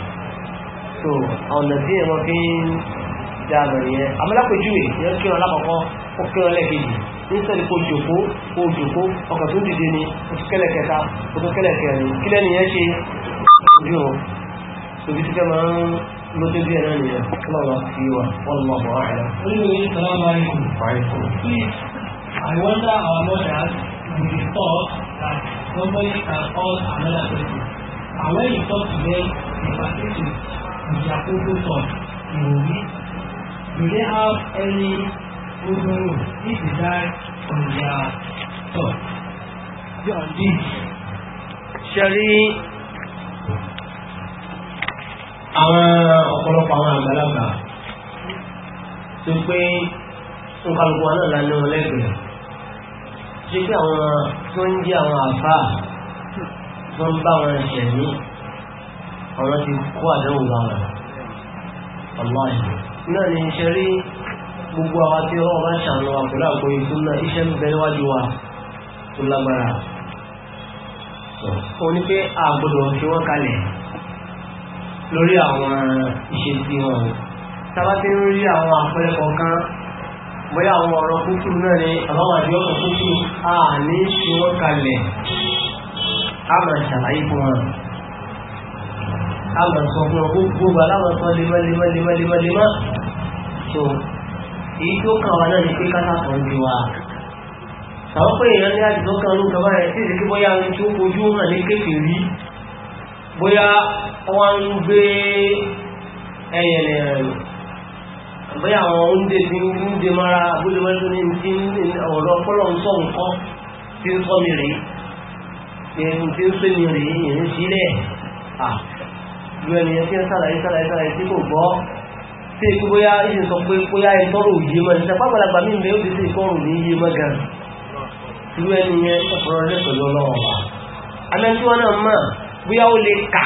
Speaker 1: tó ọ̀nà tí ẹ̀rọ fi ń da àgbà nìyẹn amúlápẹ̀júwe yẹn kí wọn lákọ̀ọ́kọ́ ó kí wọn lẹ́ẹ̀kejì nítorí kó jòkó kó jòkó ọkọ̀ tó dìde ni ó tún kẹ́lẹ̀ kẹta ó tún kẹ́lẹ̀ kẹrin kílẹ̀ nìyẹn ṣe yóò tóbi tí kẹ́mà ń lóṣẹ́ bí ẹ̀rọ nìyẹn kíláwà sí wa wọ́n lọ bọ̀
Speaker 2: àìlá. olùwé sàlámà ìlú fàìfò please i wonder our mothers will be taught that somebody can call another person and when you talk to them they practice with their open talk you know me do they have any open rule if they die from their
Speaker 1: this, ṣe rí àwọn ọ̀pọ̀lọpọ̀ àwọn àgbàlagbà tó pé nkàlùkù wa náà lánàá lẹ́gbẹ̀ẹ́ ṣe pé àwọn tó ń jẹ́ àwọn àfà tó ń bá wọn ṣẹ̀ ní àwọn ti kó àdéhùn bá wọn ọlọ́ọ̀ṣẹ̀ náà ní iṣẹ́ rí gbogbo àwọn tí wọ́n bá ṣàánú wa pẹ̀lú àgbo náà iṣẹ́ ń bẹ níwájú wa tó lágbára òun ni pé àgbọ̀dọ̀ fi wọ́n kalẹ̀ lórí àwọn ìṣesí wọn tábà tí ń rí àwọn àpẹẹrẹ kọ̀ọ̀kan bóyá àwọn ọ̀rọ̀ kúkú náà ni àwọn àdìọ́kọ̀ kúkú a ní fi wọ́n kalẹ̀ a máa ṣàlàyé fún wọn a máa sọ fún wọn gbogbo gbà láwọn sọ lemọ́lemọ́lemọ́lemọ́ so èyí tó kàn wá náà ni pé ká sàtọ̀ ń bi wa sàwọn pé èèyàn ní àdìsọ́kàn ló ń kọ́ báyẹn tí ìdíkí bóyá ohun tó fojú hàn ní kékeré bóyá wọ́n ń gbé ẹyẹ lẹ́rìn bóyá àwọn oúnjẹ tí ń dé mara abúlé mẹ́rin ní ti ń ọ̀rọ̀ ọpọlọ ń sọ nǹkan tí ń sọ mi rèé tí ń pè mí rèé yẹn ń sílẹ̀ ju ẹnìyẹn tí ń sàlàyé sàlàyé sàlàyé tí kò gbọ́ tí èkó bóyá ìṣe sọ pé bóyá ìtọ́rọ̀ òye mọ́ ìṣẹ́ pàgbàlagbà mi bẹ́ẹ̀ ti ṣe ìtọ́rọ̀ ní iye mọ́ gan irú ẹnìyẹn ọ̀pọ̀lọpọ̀ lẹ́sọ̀lọ́ ọlọ́wọ́ wa amẹ́tí bóyá ó lè kà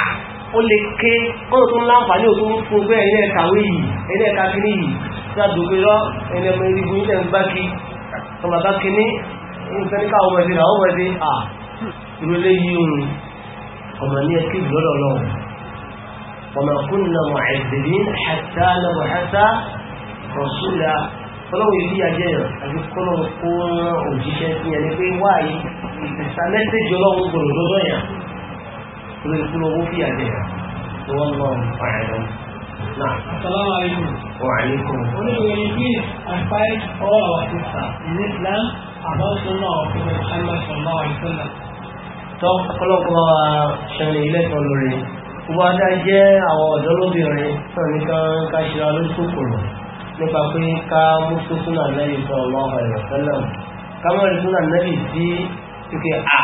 Speaker 1: ó lè ké kọ́nà tó ń láǹfààní ò tó ń fún bẹ́ẹ̀ ilé ẹ̀kàwé yìí ilé ẹ̀ka kìíní yìí tí a dùn lọ ẹni ọmọ ẹni ibu nílẹ̀ ń gbá kí ọmọ bá kìíní ìfẹ́níkà ọmọ ẹ̀dẹ̀ làwọn ọmọ ẹ̀dẹ̀ à ìrọ̀lẹ́ yìí òun ọmọ ní ẹkí lọ́dọ̀ lọ́wọ́ ọmọ kún náà mọ̀ ẹ̀dẹ̀dín ẹ̀ta náà mọ̀ ẹ̀ta rọ̀ṣúlá ọlọ́wọ́ ìlú àjẹyàn àti kọ́nà kó òjíṣẹ́ sí ẹni pé wáyé ìtẹ̀sà mẹ́sẹ̀jì ọlọ́wọ́ gbòòrò lọ́dọ̀ yàn olórí fún owó fìyà jẹ
Speaker 2: tó wọ́n lọ fàyàdọ́.
Speaker 1: Assalamu alaikum. Wa alaikum. Olóòwe ni please advise all our sisters in Islam about Sunnah of Prophet Muhammad sallallahu alaihi wa sallam. Tọ́ ọ̀pọ̀lọpọ̀ ṣẹlẹ̀ ilé kan lórí. Gbogbo adá jẹ́ àwọn ọ̀dọ́ lóbìnrin náà ní kan ká ṣera lóṣù kòrò nípa pé ká mú Sunnah Nabi sallallahu alaihi wa sallam. Ká mọ̀ rí Sunnah Nabi sí ike à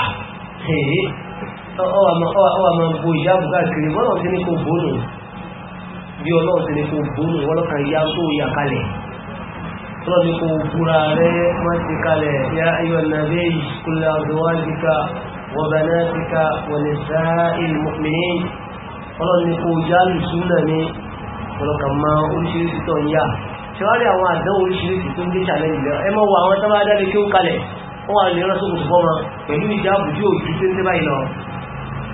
Speaker 1: kèé ọwà máa bo ìyáàbù káàkiri bọ́lọ̀ sí ní kò bónú bí ọlọ́run sí ní kò bónú wọ́lọ́kàn ìyá tó yà kalẹ̀ tọ́lọ́ ní kò búra rẹ̀ má ti kalẹ̀ yá ayọ̀ nàbẹ́ ìṣkúlẹ̀ àdúwájíká wọ̀bẹ̀nàtíká wọ̀lẹ̀sá ìlmọ̀mìnì ọlọ́run ní kò já lùsùn náà ní ọlọ́kàn máa oríṣiríṣi tó ń yà ṣèwádìí àwọn àdánwò oríṣiríṣi tó ń dé ṣàlẹ́yìn lọ ó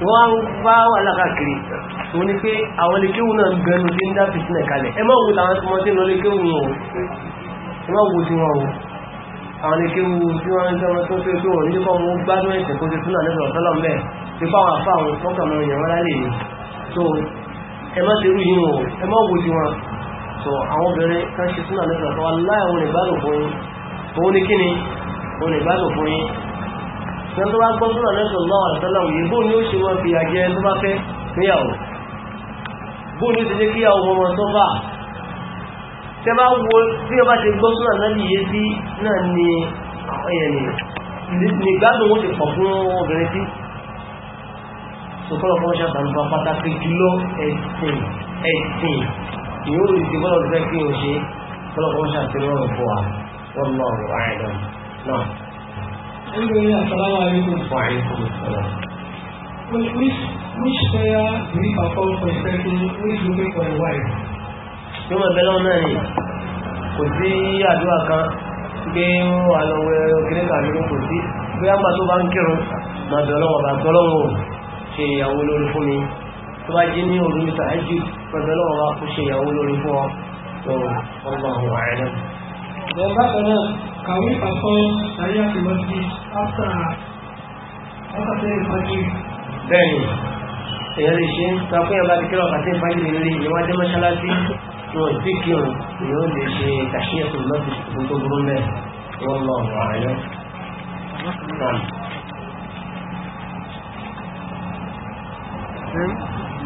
Speaker 1: wọ́n ń wá wà lákàkiri tó ní pé àwọn ilékéwù náà gẹnu tí ń dá fìtínà kalẹ̀ ẹ má wo làwọn tí wọ́n tí ń lọ ilékéwù wọn ẹ má wo tí wọ́n wo àwọn ilékéwù tí wọ́n ń tẹ́wọ́n tó fẹ́ pé wọ́n ní kọ́ wọn gbádùn ẹ̀sìn kó ti tún náà lẹ́sọ̀rọ̀ sọ́lọ́ mẹ́ẹ̀ tí fáwọn afá àwọn fọ́nkà mọ́ ni so ẹ má ṣe rú ni kíni òun ṣe tó bá gbọ́ tó náà lẹ́sùn lọ́wọ́ àtọ́lá òye bóun ni ó ṣe wọn fi àjẹ tó bá fẹ́ níyàwó bóun ni ó ti jẹ́ kíyàwó ọmọ tó bá tẹ bá wo bí ọba ṣe gbọ́ tó náà náà yé sí náà ni ẹ̀yẹ̀ ni nígbàdùn ó ti pọ̀ fún obìnrin sí sọkọlọ fún ṣàtà nípa pàtàkì jùlọ ẹ̀sìn ẹ̀sìn ìyóò rí ti bọ́lọ̀ fẹ́ kí o ṣe sọlọ fún ṣàtà nípa wọn lọ àìdán náà Anyway, assalamu alaikum. Wa alaikum
Speaker 2: assalam. Well, which, which prayer do we perform for looking
Speaker 1: for a wife? Yóò máa bẹ́lọ́ ni, kò sí àdúrà kan pé wọ́n wà lọ wẹ òkèrè kan nínú kò sí. Bóyá gbà tó bá ń kírun,
Speaker 2: Then back on us, can we Masjid after after saying Fajr? Bẹ́ẹ̀ni,
Speaker 1: èèyàn lè ṣe ń sọ pé ọba ti kílọ̀ pàṣẹ ìfàjì lè rí ìwọ́n dé mọ́ṣáláṣí tí wọ́n ti kí òun èèyàn lè ṣe kàṣíyà tó lọ́sì tuntun tó burú mẹ́ wọ́n lọ wà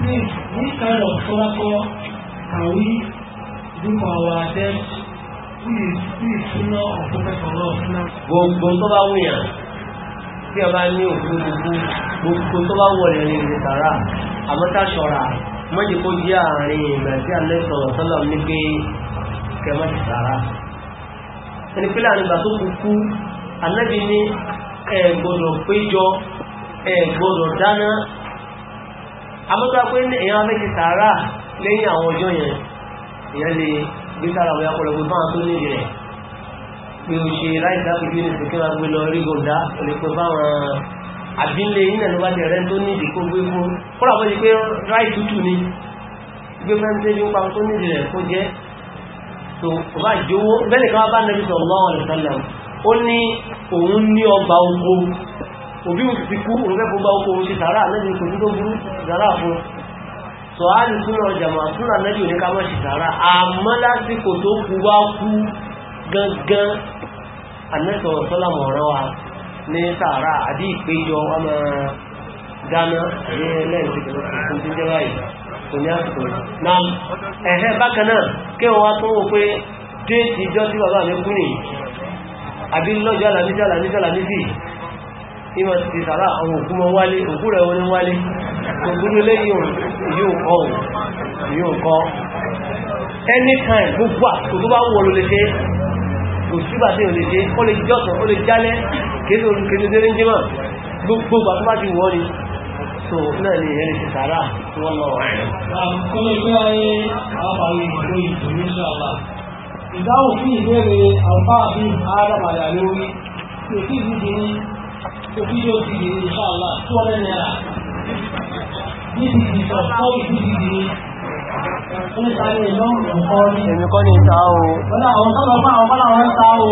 Speaker 2: this kind of protocol can we do for ourselves
Speaker 1: gbogbo tó bá wùyàn tí ọba ní òkú gbogbo gbogbo tó bá wọlé ní ìlú tààrà àmọ́tà ṣọ́ra mọ́jì kó jẹ́ àárín ìgbà tí alẹ́ sọ̀rọ̀ sọ́lọ̀ ní pé kẹmọ́tì tààrà ẹni pé láàrin ìgbà tó kúkú anábì ní ẹ gbọ́dọ̀ péjọ ẹ gbọ́dọ̀ dáná àmọ́tà pé èèyàn abẹ́tì tààrà lẹ́yìn àwọn ọjọ́ yẹn ìyẹn lè gbé sára òyà pọ̀lọ̀gbọ̀ fáwọn tó níbi rẹ̀ pé o ṣe ráìsì àpèjú ní ìsìnkú wa gbé lọ rí gòdá olùkọ́ fáwọn àbílẹ̀ yìí nà ló bá ti rẹ̀ tó níbi kó gbé fún kọ́lá bó ti pé ráì tútù ni gbé fẹ́ńtẹ́ bí ó pa tó níbi rẹ̀ kó jẹ́ tó o bá jówó bẹ́ẹ̀ kan bá nàbí sallallahu alaihi wasallam ó ní òun ní ọgbà ogo òbí òun ti kú òun fẹ́ fọgbà ogo òun ṣe sàárà lẹ́yìn kò ní tó burú sàárà fún sọ alùsùnà jàmà súnà náà yóò ní ká mọ́ ṣìkàrà àmọ́ lásìkò tó kú wá kú gangan anẹ́sọ̀ sọ́làmù ọ̀rọ̀ wa ní sàárà àbí ìpéjọ wa máa dáná ní lẹ́yìn tó jẹ́ fún tó jẹ́ báyìí kò ní àsìkò náà ẹ̀hẹ́ bákan náà kí wọ́n wá tó wọ́n pé déètì ìjọ tí bàbá mi kú nìyí àbí lọ́jọ́ àlàmísí àlàmísí àlàmísí ìmọ̀ ti sàárà tó dúró lẹ́yìn yóò kọ́ yóò kọ́ anytime gbogbo àtò tó bá wọ́n ló lè ṣe kò sígbà tí ò lè ṣe ó lè jọ́sọ̀ ó lè jálẹ́ kéde olùkéde délé jímọ̀ gbogbo àtò bá ti wọ́n ni so náà ni ẹni ti sàárà tí wọ́n lọ rẹ̀. kọ́lé pé ayé àbáyé ìlú ìtòlú ṣàlá ìdáhùn sí ìbéèrè àbáàbí àádọ́bàdà lórí kò sí ìdíje ní kò sí yóò ti dìde ṣàlá tó lẹ́nu Èmi
Speaker 2: kọ́ ni ìta o.